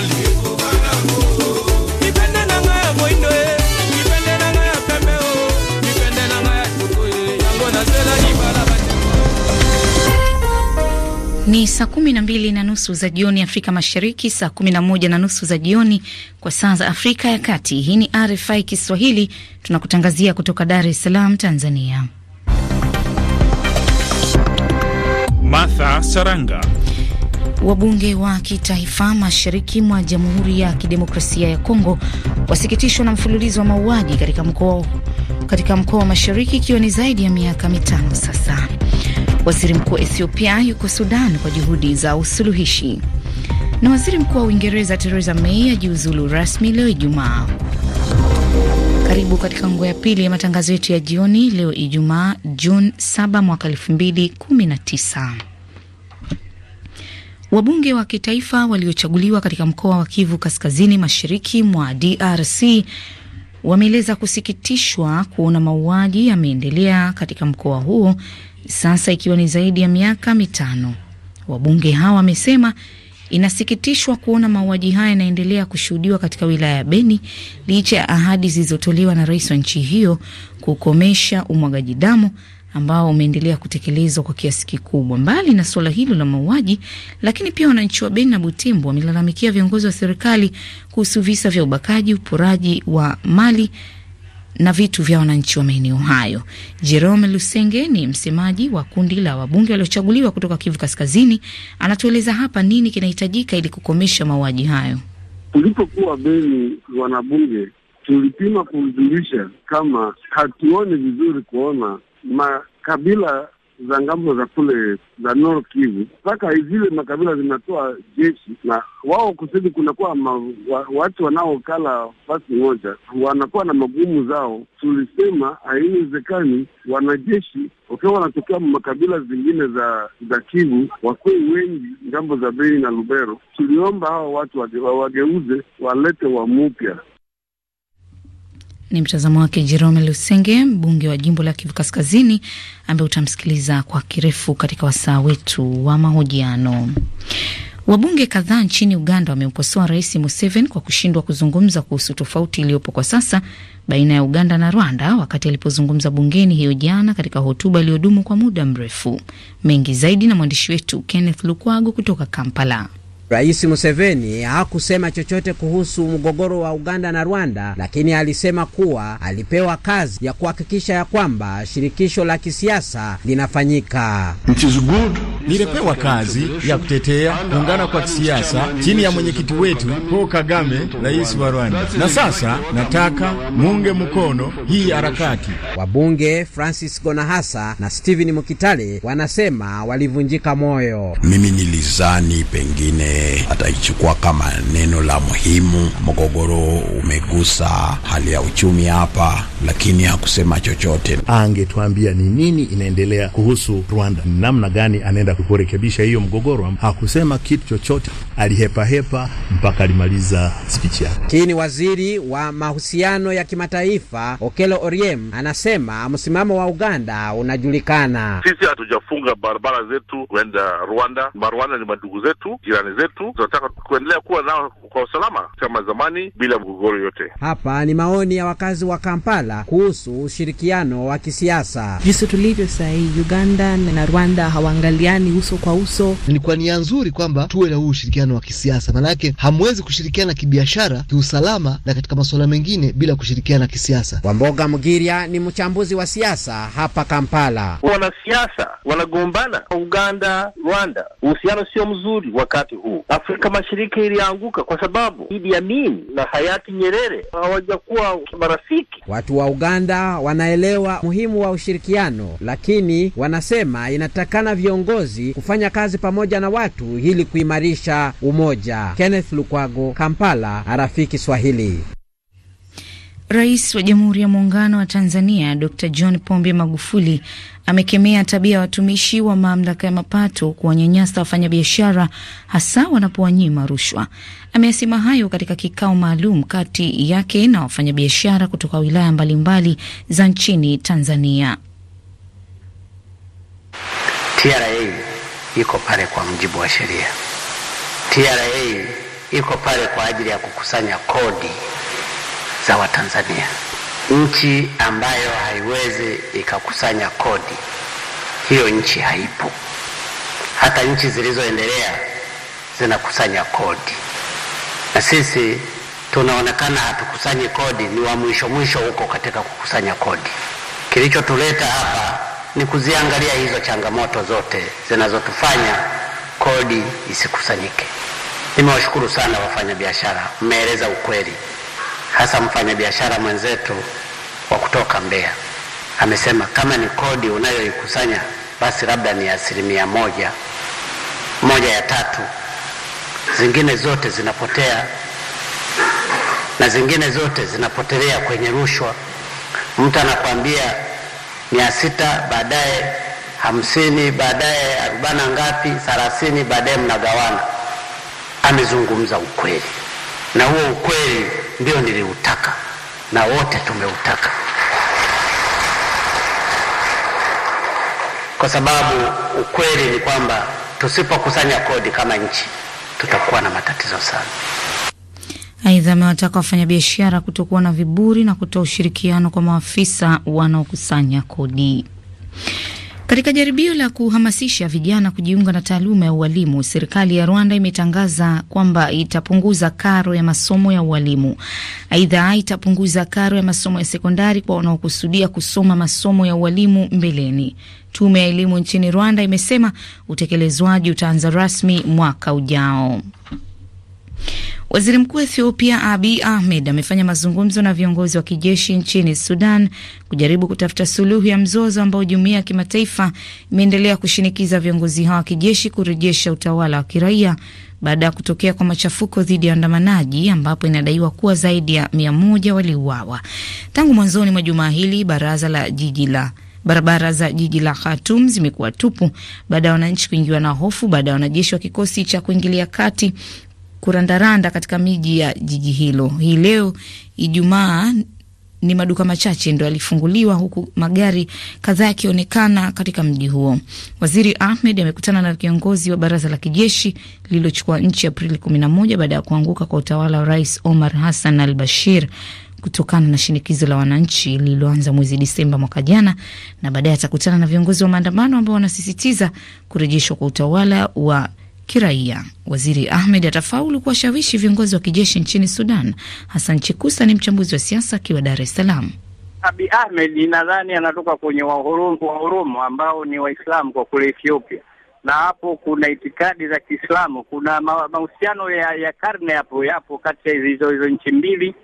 ni saa kumi na mbili na nusu za jioni Afrika Mashariki, saa kumi na moja na nusu za jioni kwa saa za Afrika ya Kati. Hii ni RFI Kiswahili, tunakutangazia kutoka Dar es Salaam, Tanzania. Martha Saranga. Wabunge wa kitaifa mashariki mwa Jamhuri ya Kidemokrasia ya Kongo wasikitishwa na mfululizo wa mauaji katika mkoa katika mkoa wa mashariki ikiwa ni zaidi ya miaka mitano sasa. Waziri mkuu wa Ethiopia yuko Sudan kwa juhudi za usuluhishi, na waziri mkuu wa Uingereza Theresa May ajiuzulu rasmi leo Ijumaa. Karibu katika nguo ya pili ya matangazo yetu ya jioni leo Ijumaa Juni 7 mwaka 2019. Wabunge wa kitaifa waliochaguliwa katika mkoa wa Kivu Kaskazini Mashariki mwa DRC wameeleza kusikitishwa kuona mauaji yameendelea katika mkoa huo sasa ikiwa ni zaidi ya miaka mitano. Wabunge hawa wamesema inasikitishwa kuona mauaji haya yanaendelea kushuhudiwa katika wilaya ya Beni licha ya ahadi zilizotolewa na rais wa nchi hiyo kukomesha umwagaji damu ambao umeendelea kutekelezwa kwa kiasi kikubwa. Mbali na suala hilo la mauaji, lakini pia wananchi wa Beni na Butembo wamelalamikia viongozi wa serikali kuhusu visa vya ubakaji, uporaji wa mali na vitu vya wananchi wa maeneo hayo. Jerome Lusenge ni msemaji wa kundi la wabunge waliochaguliwa kutoka Kivu Kaskazini, anatueleza hapa nini kinahitajika ili kukomesha mauaji hayo. Tulipokuwa Beni, wanabunge tulipima kuhuzurisha kama hatuone vizuri kuona makabila za ngambo za kule za nor Kivu mpaka zile makabila zinatoa jeshi na wao kusudi, kunakuwa wa, watu wanaokala fasi moja wanakuwa na magumu zao. Tulisema haiwezekani wanajeshi wakiwa wanatokea makabila zingine za za Kivu wakuwe wengi ngambo za Beni na Lubero. Tuliomba hawa watu wage, wageuze walete wamupya ni mtazamo wake Jerome Lusenge, mbunge wa jimbo la Kivu Kaskazini, ambaye utamsikiliza kwa kirefu katika wasaa wetu wa mahojiano. Wabunge kadhaa nchini Uganda wamemkosoa Rais Museveni kwa kushindwa kuzungumza kuhusu tofauti iliyopo kwa sasa baina ya Uganda na Rwanda wakati alipozungumza bungeni hiyo jana katika hotuba iliyodumu kwa muda mrefu. Mengi zaidi na mwandishi wetu Kenneth Lukwago kutoka Kampala. Rais Museveni hakusema chochote kuhusu mgogoro wa Uganda na Rwanda, lakini alisema kuwa alipewa kazi ya kuhakikisha ya kwamba shirikisho la kisiasa linafanyika. Nilipewa kazi ya kutetea kuungana kwa kisiasa chini ya mwenyekiti wetu Paul Kagame, rais wa Rwanda, na sasa nataka muunge mkono hii harakati. Wabunge Francis Gonahasa na Steven Mukitale wanasema walivunjika moyo. Mimi nilizani pengine ataichukua kama neno la muhimu. Mgogoro umegusa hali ya uchumi hapa, lakini hakusema chochote. Angetuambia ni nini inaendelea kuhusu Rwanda, namna gani anaenda kurekebisha hiyo mgogoro. Hakusema kitu chochote, alihepahepa mpaka alimaliza spichi yake. Lakini waziri wa mahusiano ya kimataifa okelo oriem anasema msimamo wa Uganda unajulikana. Sisi hatujafunga barabara zetu kwenda Rwanda, Marwanda ni madugu zetu, jirani zetu zetu, tunataka kuendelea kuwa nao kwa usalama kama zamani bila mgogoro yote. Hapa ni maoni ya wakazi wa Kampala kuhusu ushirikiano wa kisiasa. Jinsi tulivyo sahii, Uganda na Rwanda hawaangaliani uso kwa uso. Ni kwa nia nzuri kwamba tuwe na huu ushirikiano wa kisiasa, maanake hamwezi kushirikiana kibiashara, kiusalama na katika masuala mengine bila kushirikiana kisiasa. Wamboga Mgiria ni mchambuzi wa siasa hapa Kampala. Wanasiasa wanagombana Uganda, Rwanda, uhusiano sio mzuri wakati huu Afrika Mashariki ilianguka kwa sababu Idi Amin na hayati Nyerere hawajakuwa marafiki. Watu wa Uganda wanaelewa muhimu wa ushirikiano, lakini wanasema inatakana viongozi kufanya kazi pamoja na watu ili kuimarisha umoja. Kenneth Lukwago, Kampala, arafiki swahili Rais wa Jamhuri ya Muungano wa Tanzania Dr. John Pombe Magufuli amekemea tabia ya watumishi wa mamlaka ya mapato kuwanyanyasa wafanyabiashara hasa wanapowanyima rushwa. Ameyasema hayo katika kikao maalum kati yake na wafanyabiashara kutoka wilaya mbalimbali za nchini Tanzania. TRA iko pale kwa mujibu wa sheria. TRA iko pale kwa ajili ya kukusanya kodi za Watanzania. Nchi ambayo haiwezi ikakusanya kodi, hiyo nchi haipo. Hata nchi zilizoendelea zinakusanya kodi, na sisi tunaonekana hatukusanyi kodi, ni wa mwisho mwisho huko katika kukusanya kodi. Kilichotuleta hapa ni kuziangalia hizo changamoto zote zinazotufanya kodi isikusanyike. Nimewashukuru sana wafanyabiashara, mmeeleza ukweli hasa mfanyabiashara mwenzetu wa kutoka Mbeya amesema kama ni kodi unayoikusanya basi labda ni asilimia moja moja ya tatu, zingine zote zinapotea na zingine zote zinapotelea kwenye rushwa. Mtu anakwambia mia sita, baadaye hamsini, baadaye arobaini ngapi, thelathini, baadaye mnagawana. Amezungumza ukweli, na huo ukweli ndio niliutaka na wote tumeutaka, kwa sababu ukweli ni kwamba tusipokusanya kodi kama nchi tutakuwa na matatizo sana. Aidha, amewataka wafanyabiashara kutokuwa na viburi na kutoa ushirikiano kwa maafisa wanaokusanya kodi. Katika jaribio la kuhamasisha vijana kujiunga na taaluma ya ualimu, serikali ya Rwanda imetangaza kwamba itapunguza karo ya masomo ya ualimu. Aidha, itapunguza karo ya masomo ya sekondari kwa wanaokusudia kusoma masomo ya ualimu mbeleni. Tume ya elimu nchini Rwanda imesema utekelezwaji utaanza rasmi mwaka ujao. Waziri mkuu wa Ethiopia Abi Ahmed amefanya mazungumzo na viongozi wa kijeshi nchini Sudan kujaribu kutafuta suluhu ya mzozo ambao jumuiya ya kimataifa imeendelea kushinikiza viongozi hao wa kijeshi kurejesha utawala wa kiraia baada ya kutokea kwa machafuko dhidi ya waandamanaji ambapo inadaiwa kuwa zaidi ya mia moja waliuawa tangu mwanzoni mwa jumaa hili. Baraza la jiji la barabara za jiji la Khartoum zimekuwa tupu baada ya wananchi kuingiwa na hofu baada ya wanajeshi wa kikosi cha kuingilia kati kurandaranda katika miji ya jiji hilo. Hii leo Ijumaa ni maduka machache ndo yalifunguliwa huku magari kadhaa yakionekana katika mji huo. Waziri Ahmed amekutana na kiongozi wa baraza la kijeshi lililochukua nchi Aprili 11 baada ya kuanguka kwa utawala wa Rais Omar Hassan al Bashir kutokana na shinikizo la wananchi lililoanza mwezi Disemba mwaka jana, na baadaye atakutana na viongozi wa maandamano ambao wanasisitiza kurejeshwa kwa utawala wa kiraia. Waziri Ahmed atafaulu kuwashawishi viongozi wa kijeshi nchini Sudan. Hassan Chikusa ni mchambuzi wa siasa akiwa Dar es Salaam. Abi Ahmed nadhani anatoka kwenye wahurumu ambao ni Waislamu kwa kule Ethiopia, na hapo kuna itikadi za Kiislamu, kuna mahusiano ya, ya karne hapo yapo kati ya hizo hizo nchi mbili,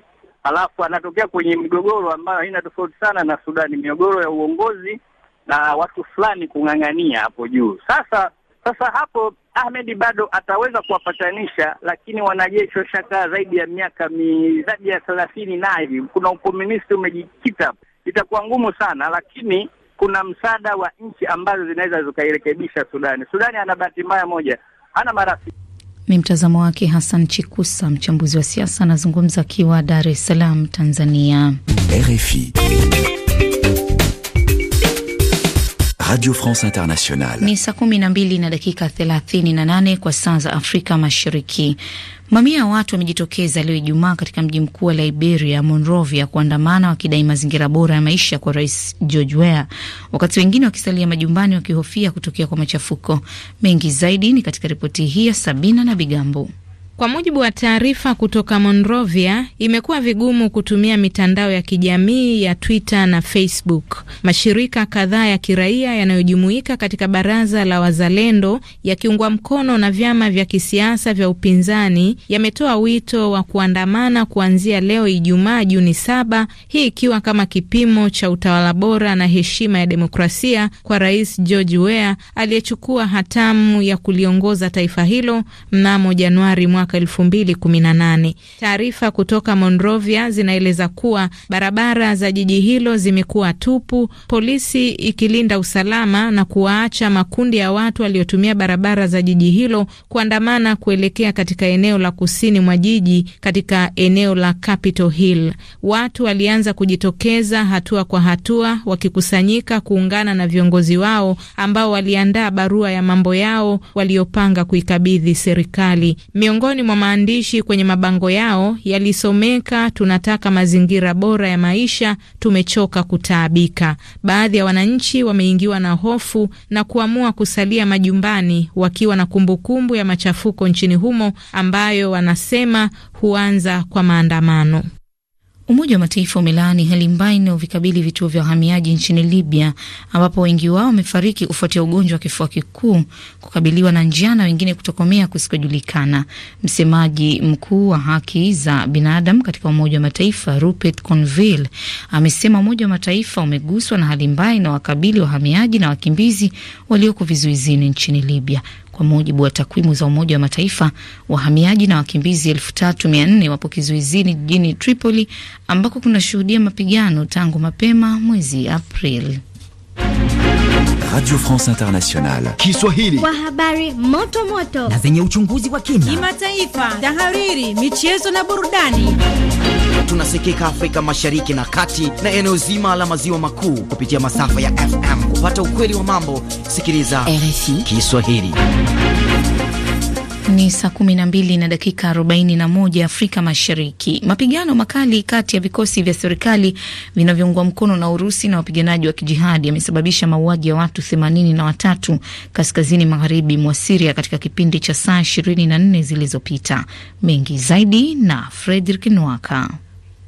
alafu anatokea kwenye migogoro ambayo haina tofauti sana na Sudani, migogoro ya uongozi na watu fulani kung'ang'ania hapo juu. Sasa sasa hapo Ahmed bado ataweza kuwapatanisha, lakini wanajeshi washakaa zaidi ya miaka mi zaidi ya thelathini na hivi, kuna ukomunisti umejikita, itakuwa ngumu sana, lakini kuna msaada wa nchi ambazo zinaweza zikairekebisha Sudani. Sudani ana bahati mbaya moja, hana marafiki. Ni mtazamo wake Hassan Chikusa, mchambuzi wa siasa, anazungumza akiwa Dar es Salaam, Tanzania, RFI. Radio France Internationale. Ni saa 12 na dakika 38 kwa saa za Afrika Mashariki. Mamia ya watu wamejitokeza leo Ijumaa katika mji mkuu wa Liberia, Monrovia, kuandamana wakidai mazingira bora ya maisha kwa Rais George Weah, wakati wengine wakisalia majumbani wakihofia kutokea kwa machafuko mengi. Zaidi ni katika ripoti hii ya Sabina na Bigambo. Kwa mujibu wa taarifa kutoka Monrovia, imekuwa vigumu kutumia mitandao ya kijamii ya Twitter na Facebook. Mashirika kadhaa ya kiraia yanayojumuika katika baraza la wazalendo yakiungwa mkono na vyama vya kisiasa vya upinzani yametoa wito wa kuandamana kuanzia leo Ijumaa Juni saba, hii ikiwa kama kipimo cha utawala bora na heshima ya demokrasia kwa Rais George Weah aliyechukua hatamu ya kuliongoza taifa hilo mnamo Januari mwaka mwaka nane. Taarifa kutoka Monrovia zinaeleza kuwa barabara za jiji hilo zimekuwa tupu, polisi ikilinda usalama na kuwaacha makundi ya watu waliotumia barabara za jiji hilo kuandamana kuelekea katika eneo la kusini mwa jiji katika eneo la Capitol Hill. Watu walianza kujitokeza hatua kwa hatua wakikusanyika kuungana na viongozi wao ambao waliandaa barua ya mambo yao waliopanga kuikabidhi serikali. Miongoni miongoni mwa maandishi kwenye mabango yao yalisomeka, tunataka mazingira bora ya maisha, tumechoka kutaabika. Baadhi ya wananchi wameingiwa na hofu na kuamua kusalia majumbani wakiwa na kumbukumbu ya machafuko nchini humo ambayo wanasema huanza kwa maandamano. Umoja wa Mataifa umelaani hali mbaya inayovikabili vituo vya wahamiaji nchini Libya, ambapo wengi wao wamefariki kufuatia ugonjwa wa kifua kikuu, kukabiliwa na njaa na wengine kutokomea kusikojulikana. Msemaji mkuu wa haki za binadamu katika Umoja wa Mataifa Rupert Conville amesema Umoja wa Mataifa umeguswa na hali mbaya inayowakabili wahamiaji na wakimbizi walioko vizuizini nchini Libya. Kwa mujibu wa takwimu za Umoja wa Mataifa, wahamiaji na wakimbizi elfu tatu mia nne wapo kizuizini jijini Tripoli ambako kunashuhudia mapigano tangu mapema mwezi Aprili. Radio France Internationale Kiswahili, kwa habari moto moto na zenye uchunguzi wa kina, kimataifa, tahariri, michezo na burudani unasikika Afrika Mashariki na Kati na eneo zima la maziwa makuu kupitia masafa ya FM. Kupata ukweli wa mambo, sikiliza RFI Kiswahili. Ni saa 12 na dakika 41 Afrika Mashariki. Mapigano makali kati ya vikosi vya serikali vinavyoungwa mkono na Urusi na wapiganaji wa kijihadi yamesababisha mauaji ya watu 83 kaskazini magharibi mwa Siria katika kipindi cha saa 24 zilizopita. Mengi zaidi na Fredrik Nwaka.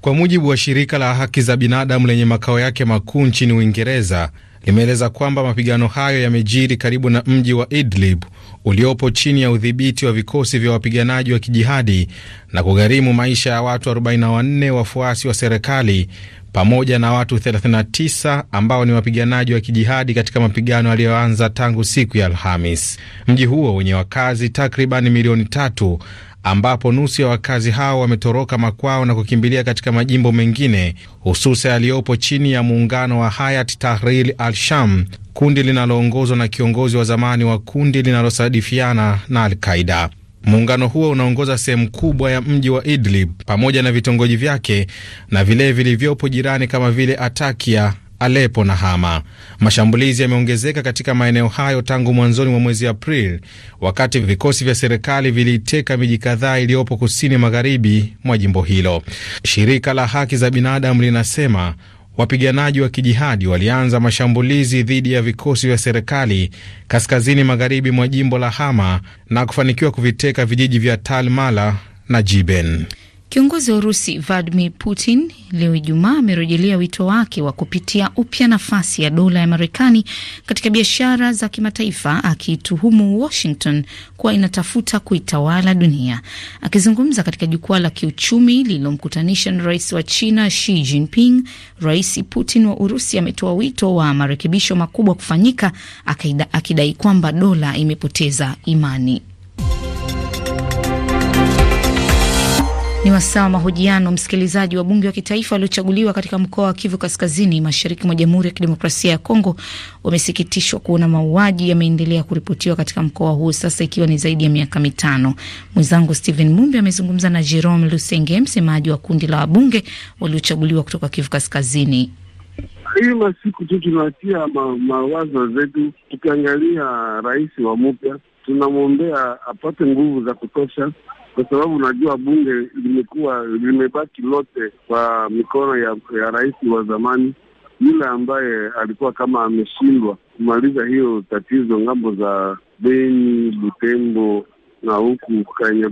Kwa mujibu wa shirika la haki za binadamu lenye makao yake makuu nchini Uingereza, limeeleza kwamba mapigano hayo yamejiri karibu na mji wa Idlib uliopo chini ya udhibiti wa vikosi vya wapiganaji wa kijihadi na kugharimu maisha ya watu 44 wafuasi wa serikali pamoja na watu 39 ambao ni wapiganaji wa kijihadi katika mapigano yaliyoanza tangu siku ya Alhamis. Mji huo wenye wakazi takriban milioni tatu ambapo nusu ya wakazi hao wametoroka makwao na kukimbilia katika majimbo mengine hususa yaliyopo chini ya muungano wa Hayat Tahrir al-Sham, kundi linaloongozwa na kiongozi wa zamani wa kundi linalosadifiana na Al-Qaida. Muungano huo unaongoza sehemu kubwa ya mji wa Idlib pamoja na vitongoji vyake na vile vilivyopo jirani kama vile Atakia Alepo na Hama. Mashambulizi yameongezeka katika maeneo hayo tangu mwanzoni mwa mwezi Aprili, wakati vikosi vya serikali viliiteka miji kadhaa iliyopo kusini magharibi mwa jimbo hilo. Shirika la haki za binadamu linasema wapiganaji wa kijihadi walianza mashambulizi dhidi ya vikosi vya serikali kaskazini magharibi mwa jimbo la Hama na kufanikiwa kuviteka vijiji vya Talmala na Jiben. Kiongozi wa Urusi Vladimir Putin leo Ijumaa amerejelea wito wake wa kupitia upya nafasi ya dola ya Marekani katika biashara za kimataifa, akiituhumu Washington kuwa inatafuta kuitawala dunia. Akizungumza katika jukwaa la kiuchumi lililomkutanisha na rais wa China Xi Jinping, Rais Putin wa Urusi ametoa wito wa marekebisho makubwa kufanyika, akidai kwamba dola imepoteza imani. Ni wasaa wa mahojiano, msikilizaji. wa bunge wa kitaifa waliochaguliwa katika mkoa wa Kivu Kaskazini, mashariki mwa Jamhuri ya Kidemokrasia ya Kongo wamesikitishwa kuona mauaji yameendelea kuripotiwa katika mkoa huo, sasa ikiwa ni zaidi ya miaka mitano. Mwenzangu Stephen Mumbi amezungumza na Jerome Lusenge, msemaji wa kundi la wabunge waliochaguliwa kutoka Kivu Kaskazini. Hii masiku tu tunatia ma, mawazo zetu, tukiangalia rais wa mupya tunamwombea apate nguvu za kutosha kwa sababu unajua bunge limekuwa limebaki lote kwa mikono ya, ya rais wa zamani yule ambaye alikuwa kama ameshindwa kumaliza hiyo tatizo ng'ambo za Beni, Butembo na huku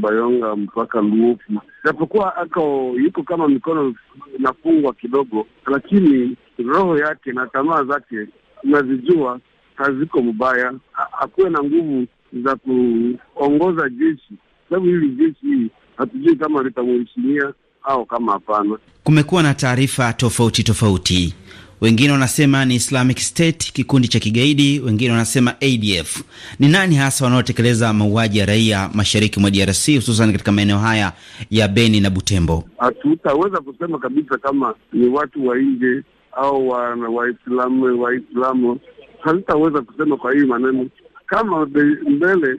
bayonga mpaka Luofu, japokuwa ako yuko kama mikono inafungwa kidogo, lakini roho yake na tamaa zake unazijua haziko mbaya. Akuwe na nguvu za kuongoza jeshi sababu hili jeshi hatujui kama litamuheshimia au kama hapana. Kumekuwa na taarifa tofauti tofauti, wengine wanasema ni Islamic State kikundi cha kigaidi, wengine wanasema ADF. Ni nani hasa wanaotekeleza mauaji ya raia mashariki mwa DRC hususan katika maeneo haya ya Beni na Butembo? Hatutaweza kusema kabisa kama ni watu wa nje au Waislamu Waislamu, hatutaweza kusema kwa hii maneno kama mbele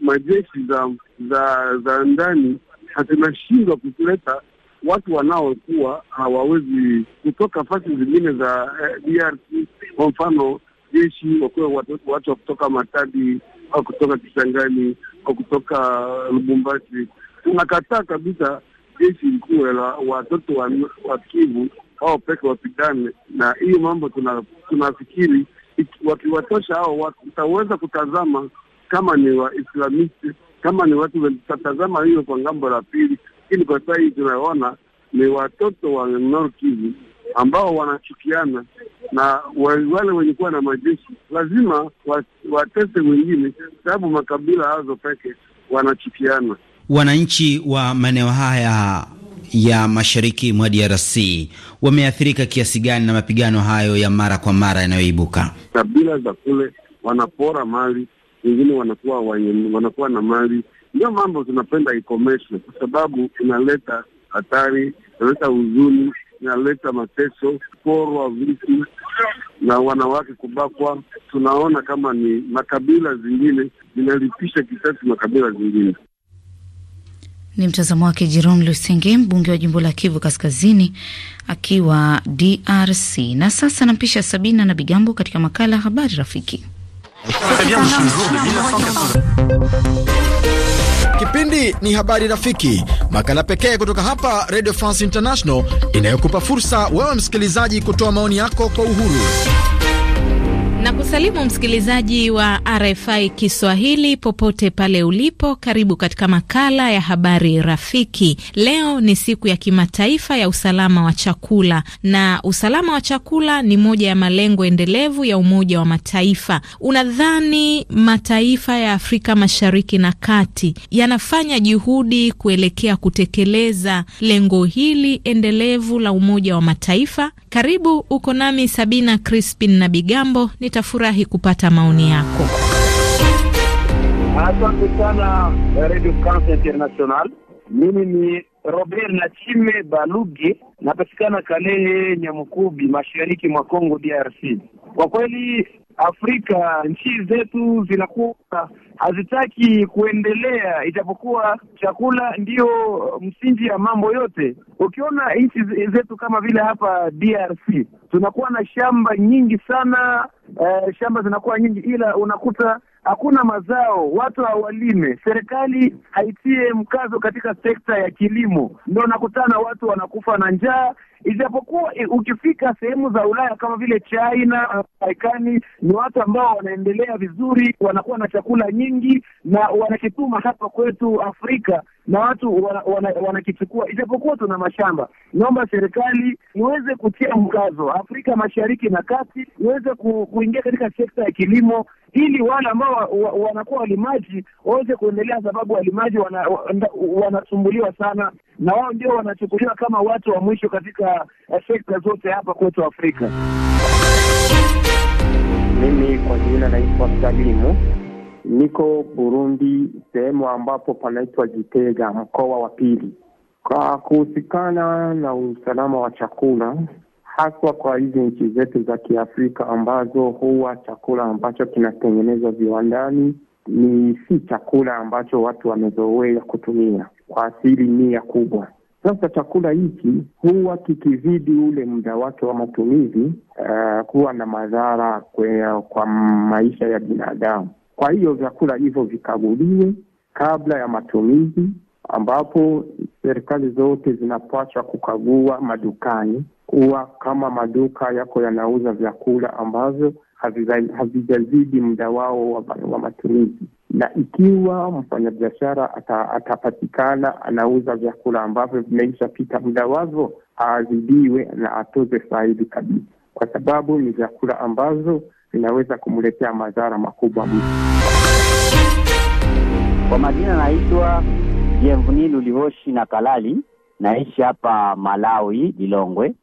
majeshi za za za ndani hazinashindwa kuleta watu wanaokuwa hawawezi kutoka fasi zingine za eh, DRC. Kwa mfano jeshi wakuwe watu wa kutoka Matadi au kutoka Kisangani au kutoka Lubumbashi. Tunakataa kabisa jeshi likuwe la watoto wa, wa Kivu au peke wapigane na hiyo mambo. Tunafikiri tuna wakiwatosha hao watu, utaweza kutazama kama ni Waislamisti kama ni watu watatazama hiyo kwa ngambo la pili, lakini kwa saa hii tunaona ni watoto wa Nord Kivu ambao wanachukiana na wale wenye kuwa na majeshi lazima watese wengine, sababu makabila hazo peke wanachukiana. Wananchi wa maeneo haya ya mashariki mwa DRC wameathirika kiasi gani na mapigano hayo ya mara kwa mara yanayoibuka? Kabila za kule wanapora mali wengine wanakuwa wenye, wanakuwa na mali. Ndio mambo tunapenda ikomeshwe, kwa sababu inaleta hatari, inaleta huzuni, inaleta mateso, kuporwa vitu na wanawake kubakwa. Tunaona kama ni makabila zingine zinalipisha kisasi makabila zingine. Ni mtazamo wake Jerome Lusenge, mbunge wa jimbo la Kivu Kaskazini akiwa DRC. Na sasa nampisha Sabina na Bigambo katika makala ya Habari Rafiki bien jour de 1980. Kipindi ni habari rafiki, makala pekee kutoka hapa Radio France International inayokupa fursa wewe msikilizaji kutoa maoni yako kwa uhuru na kusalimu msikilizaji wa RFI Kiswahili popote pale ulipo. Karibu katika makala ya habari rafiki. Leo ni siku ya kimataifa ya usalama wa chakula, na usalama wa chakula ni moja ya malengo endelevu ya Umoja wa Mataifa. Unadhani mataifa ya Afrika Mashariki na Kati yanafanya juhudi kuelekea kutekeleza lengo hili endelevu la Umoja wa Mataifa? Karibu, uko nami Sabina Crispin na Bigambo. Nitafurahi kupata maoni yako. Asante sana Radio France International. Mimi ni Robert Nachime Baluge, napatikana Kalehe Nyamukubi, mashariki mwa congo DRC. Kwa kweli Afrika, nchi zetu zinakuwa hazitaki kuendelea, ijapokuwa chakula ndiyo msingi ya mambo yote. Ukiona nchi zetu kama vile hapa DRC tunakuwa na shamba nyingi sana, uh, shamba zinakuwa nyingi, ila unakuta hakuna mazao, watu hawalime. Serikali haitie mkazo katika sekta ya kilimo, ndio nakutana watu wanakufa na njaa, ijapokuwa eh, ukifika sehemu za Ulaya kama vile China, Marekani, ni watu ambao wanaendelea vizuri, wanakuwa na chakula nyingi nyingi, na wanakituma hapa kwetu Afrika na watu wanakichukua wana, wana ijapokuwa tuna mashamba. Naomba serikali iweze kutia mkazo Afrika Mashariki na Kati iweze ku, kuingia katika sekta ya kilimo ili wale ambao wanakuwa wa, wa, wanakuwa walimaji waweze kuendelea, sababu walimaji wanasumbuliwa wana sana, na wao ndio wanachukuliwa kama watu wa mwisho katika eh, sekta zote hapa kwetu Afrika. Mimi kwa jina naitwa Salimu niko Burundi, sehemu ambapo panaitwa Gitega, mkoa wa pili, kwa kuhusikana na usalama wa chakula haswa kwa hizi nchi zetu za Kiafrika ambazo huwa chakula ambacho kinatengenezwa viwandani ni si chakula ambacho watu wamezoea kutumia kwa asilimia kubwa. Sasa chakula hiki huwa kikizidi ule muda wake wa matumizi, uh, kuwa na madhara kwa maisha ya binadamu. Kwa hiyo vyakula hivyo vikaguliwe kabla ya matumizi, ambapo serikali zote zinapaswa kukagua madukani kuwa kama maduka yako yanauza vyakula ambavyo havijazidi muda wao wa, matumizi, na ikiwa mfanyabiashara ata, atapatikana anauza vyakula ambavyo vimeisha pita muda wavyo, aadhibiwe na atoze saidi kabisa, kwa sababu ni vyakula ambavyo inaweza kumletea madhara makubwa mno. Kwa majina naitwa Bienveni Lulihoshi na Kalali, naishi hapa Malawi, Lilongwe.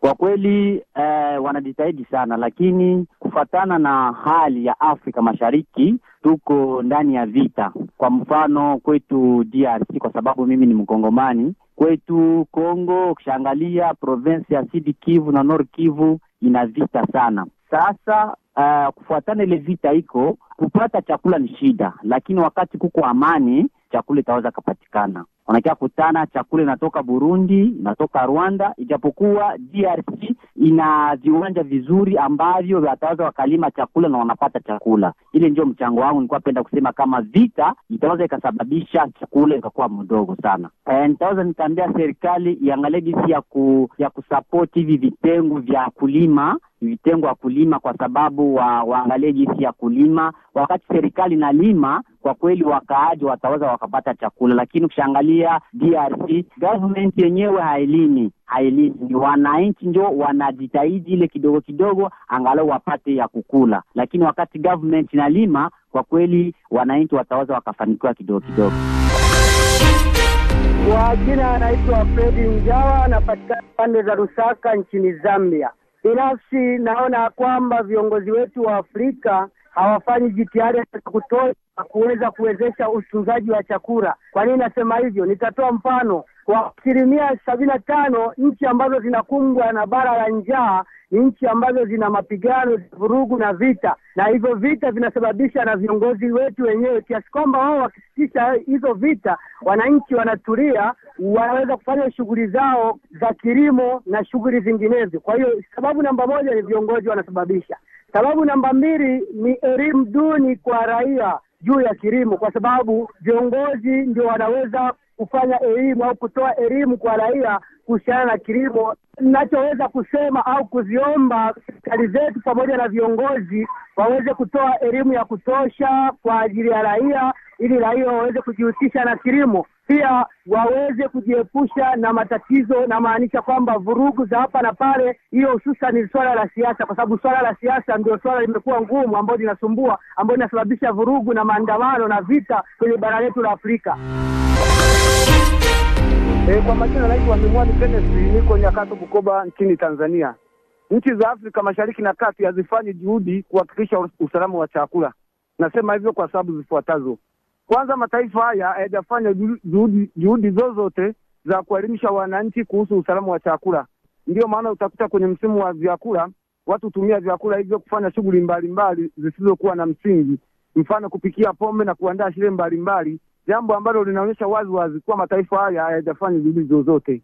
Kwa kweli eh, wanajitahidi sana, lakini kufatana na hali ya Afrika Mashariki tuko ndani ya vita. Kwa mfano kwetu DRC, kwa sababu mimi ni Mkongomani, kwetu Kongo, ukishaangalia provinsi ya Sud Kivu na Nord Kivu ina vita sana. Sasa uh, kufuatana ile vita iko kupata chakula ni shida, lakini wakati kuko amani chakula itaweza kapatikana. Wanakia kutana chakula inatoka Burundi, inatoka Rwanda, ijapokuwa DRC ina viwanja vizuri ambavyo wataweza wakalima chakula na wanapata chakula. Ile ndio mchango wangu, nilikuwa penda kusema kama vita itaweza ikasababisha chakula ikakuwa mdogo sana. E, nitaweza nikaambia serikali iangalie jisi ya ku, ya kusapoti hivi vitengo vya kulima vitengo wa kulima kwa sababu wa, waangalie jinsi ya kulima. Wakati serikali inalima, kwa kweli wakaaji wataweza wakapata chakula, lakini ukishaangalia DRC government yenyewe hailimi hailimi, ni wananchi njo wanajitahidi ile kidogo kidogo angalau wapate ya kukula, lakini wakati government inalima, kwa kweli wananchi wataweza wakafanikiwa kidogo kidogo. Kwa jina anaitwa Fredi Njawa, anapatikana pande za rusaka nchini Zambia. Binafsi naona kwamba viongozi wetu wa Afrika hawafanyi jitihada za kutosha kuweza kuwezesha utunzaji wa chakula. Kwa nini nasema hivyo? Nitatoa mfano kwa asilimia sabini na tano nchi ambazo zinakumbwa na bara la njaa ni nchi ambazo zina mapigano, vurugu na vita, na hivyo vita vinasababisha na viongozi wetu wenyewe, kiasi kwamba wao wakisitisha hizo vita, wananchi wanatulia, wanaweza kufanya shughuli zao za kilimo na shughuli zinginezo. Kwa hiyo sababu namba moja ni viongozi wanasababisha. Sababu namba mbili ni elimu duni kwa raia juu ya kilimo, kwa sababu viongozi ndio wanaweza kufanya elimu au kutoa elimu kwa raia kuhusiana na kilimo. Ninachoweza kusema au kuziomba serikali zetu pamoja na viongozi waweze kutoa elimu ya kutosha kwa ajili ya raia, ili raia waweze kujihusisha na kilimo pia waweze kujiepusha na matatizo, namaanisha kwamba vurugu za hapa na pale. Hiyo hususan ni swala la siasa, kwa sababu swala la siasa ndio swala limekuwa ngumu, ambayo linasumbua, ambayo linasababisha vurugu na maandamano na vita kwenye bara letu la Afrika. E, kwa majina naitwa Mimwani Kenneth, niko Nyakato, Bukoba nchini Tanzania. Nchi za Afrika Mashariki na Kati hazifanyi juhudi kuhakikisha usalama wa chakula. Nasema hivyo kwa sababu zifuatazo. Kwanza mataifa haya hayajafanya juhudi, juhudi zozote za kuelimisha wananchi kuhusu usalama wa chakula. Ndiyo maana utakuta kwenye msimu wa vyakula watu hutumia vyakula hivyo kufanya shughuli mbalimbali zisizokuwa na msingi, mfano kupikia pombe na kuandaa sherehe mbalimbali, jambo ambalo linaonyesha wazi wazi kuwa mataifa haya hayajafanya juhudi zozote.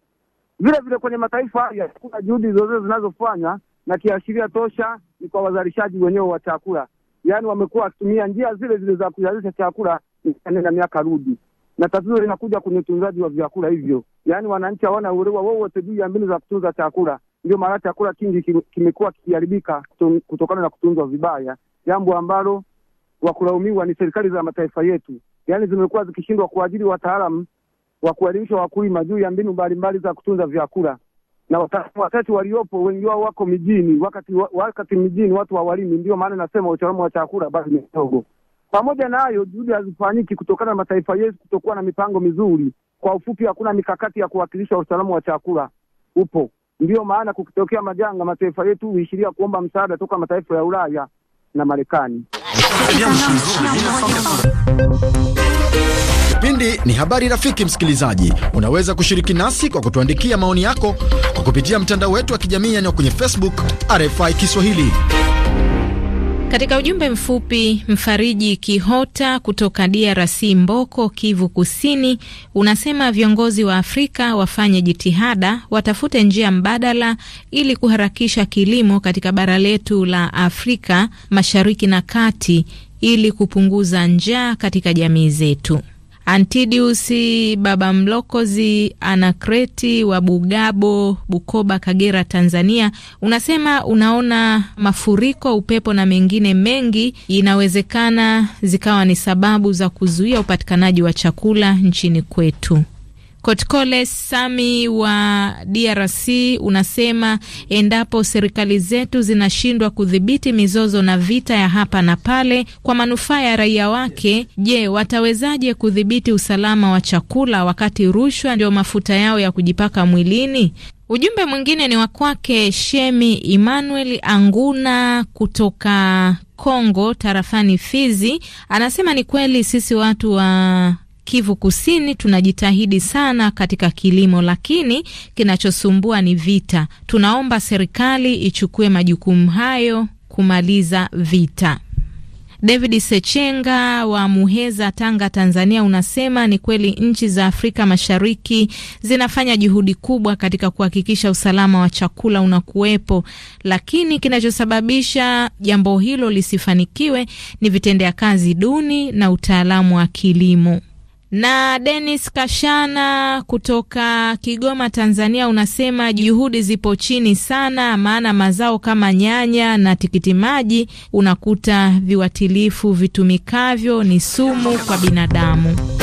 Vile vile kwenye mataifa haya kuna juhudi zozote zinazofanywa, na kiashiria tosha ni kwa wazalishaji wenyewe wa chakula, yaani wamekuwa wakitumia njia zile zile za kuzalisha chakula nenda miaka rudi, na tatizo linakuja kwenye utunzaji wa vyakula hivyo, yaani wananchi hawana uelewa wowote juu ya mbinu za kutunza chakula. Ndio maana chakula kingi kimekuwa kikiharibika kutokana na kutunzwa vibaya, jambo ambalo wakulaumiwa ni serikali za mataifa yetu, yaani zimekuwa zikishindwa kuajiri wataalamu wa kuelimisha wakulima juu ya mbinu mbalimbali za kutunza vyakula na wataalamu wachache waliopo, wengi wao wako mijini, wakati wakati mijini watu walimi, Ndio maana nasema utaalamu wa chakula bado ni mdogo. Pamoja na hayo, juhudi hazifanyiki kutokana na mataifa yetu kutokuwa na mipango mizuri. Kwa ufupi, hakuna mikakati ya kuwakilisha usalama wa chakula upo. Ndiyo maana kukitokea majanga, mataifa yetu huishiria kuomba msaada toka mataifa ya Ulaya na Marekani. Kipindi ni habari. Rafiki msikilizaji, unaweza kushiriki nasi kwa kutuandikia maoni yako kwa kupitia mtandao wetu wa kijamii, yaani kwenye Facebook RFI Kiswahili. Katika ujumbe mfupi, Mfariji Kihota kutoka DRC, Mboko, Kivu Kusini, unasema viongozi wa Afrika wafanye jitihada, watafute njia mbadala ili kuharakisha kilimo katika bara letu la Afrika Mashariki na Kati ili kupunguza njaa katika jamii zetu. Antidius Baba Mlokozi Anakreti wa Bugabo, Bukoba, Kagera, Tanzania, unasema unaona mafuriko, upepo na mengine mengi inawezekana zikawa ni sababu za kuzuia upatikanaji wa chakula nchini kwetu. Kotkole Sami wa DRC unasema endapo serikali zetu zinashindwa kudhibiti mizozo na vita ya hapa na pale kwa manufaa ya raia wake, je, watawezaje kudhibiti usalama wa chakula wakati rushwa ndio mafuta yao ya kujipaka mwilini? Ujumbe mwingine ni wa kwake Shemi Emmanuel Anguna kutoka Kongo, tarafani Fizi, anasema ni kweli sisi watu wa Kivu Kusini tunajitahidi sana katika kilimo, lakini kinachosumbua ni vita. Tunaomba serikali ichukue majukumu hayo kumaliza vita. David Sechenga wa Muheza, Tanga, Tanzania, unasema ni kweli nchi za Afrika Mashariki zinafanya juhudi kubwa katika kuhakikisha usalama wa chakula unakuwepo, lakini kinachosababisha jambo hilo lisifanikiwe ni vitendea kazi duni na utaalamu wa kilimo. Na Dennis Kashana kutoka Kigoma, Tanzania, unasema juhudi zipo chini sana, maana mazao kama nyanya na tikiti maji unakuta viwatilifu vitumikavyo ni sumu kwa binadamu.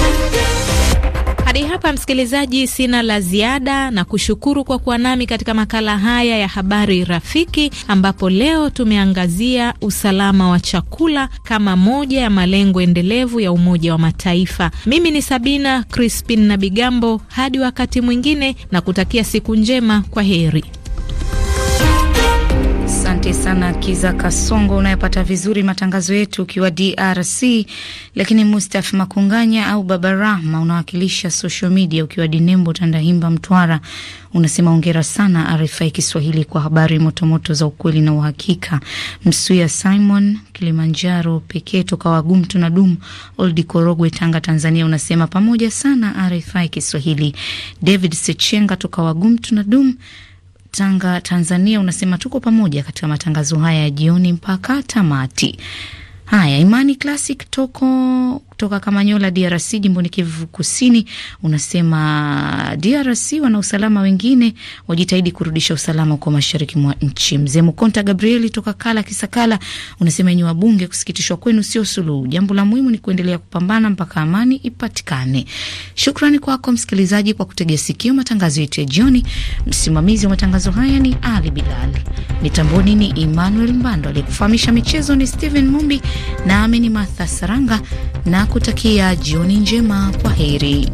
Hadi hapa msikilizaji, sina la ziada na kushukuru kwa kuwa nami katika makala haya ya habari rafiki, ambapo leo tumeangazia usalama wa chakula kama moja ya malengo endelevu ya Umoja wa Mataifa. Mimi ni Sabina Crispin na Bigambo, hadi wakati mwingine, na kutakia siku njema. Kwa heri. Asante sana Kiza Kasongo, unayepata vizuri matangazo yetu ukiwa DRC. Lakini Mustaf Makunganya au Baba Rahma, unawakilisha social media ukiwa Dinembo, Tandahimba, Mtwara, unasema ongera sana RFI Kiswahili kwa habari motomoto za ukweli na uhakika. Msuya Simon Kilimanjaro pekee toka wagum tuna dum Oldi Korogwe, Tanga, Tanzania, unasema pamoja sana RFI Kiswahili. David Sechenga toka wagum tuna dum Tanga, Tanzania, unasema tuko pamoja katika matangazo haya ya jioni mpaka tamati. Haya, Imani Classic toko kutoka Kamanyola, DRC, jimboni Kivu Kusini, unasema DRC wana usalama wengine, wajitahidi kurudisha usalama kwa mashariki mwa nchi. Mzee Mkonta Gabrieli toka Kala Kisakala unasema enyi wabunge, kusikitishwa kwenu sio suluhu. Jambo la muhimu ni kuendelea kupambana mpaka amani ipatikane. Shukrani kwako msikilizaji kwa kutegea sikio matangazo yetu ya jioni. Msimamizi wa matangazo haya ni Ali Bilal, mitamboni ni Emmanuel Mbando, aliyekufahamisha michezo ni Stephen Mumbi na ameni Martha Saranga na kutakia jioni njema. Kwa heri.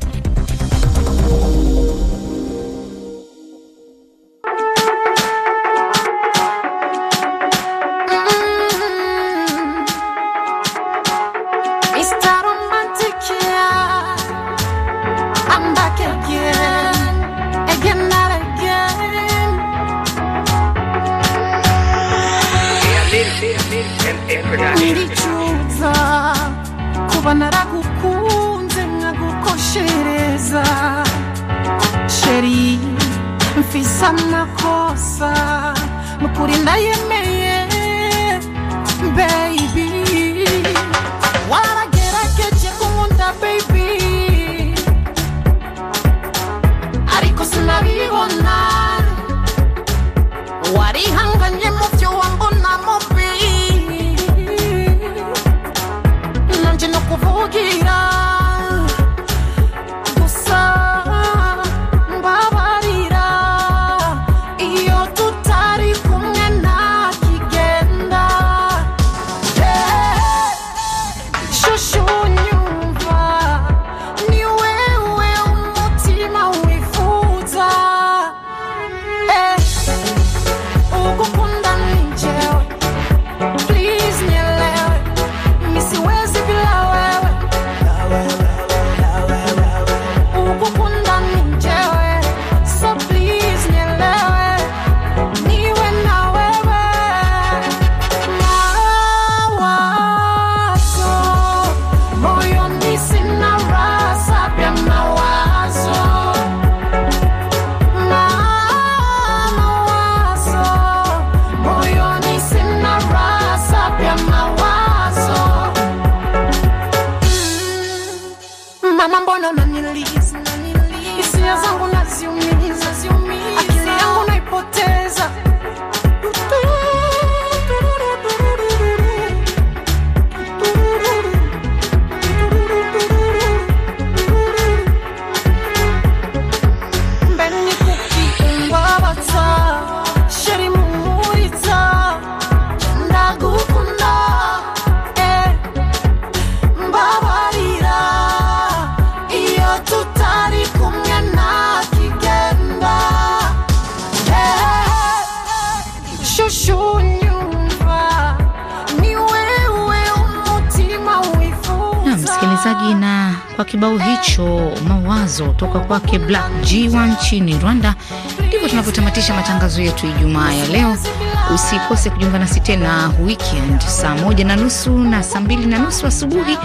usikose kujiunga nasi tena weekend saa moja na nusu na saa mbili na nusu asubuhi,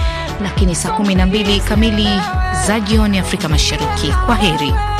lakini saa kumi na mbili kamili za jioni Afrika Mashariki. Kwa heri.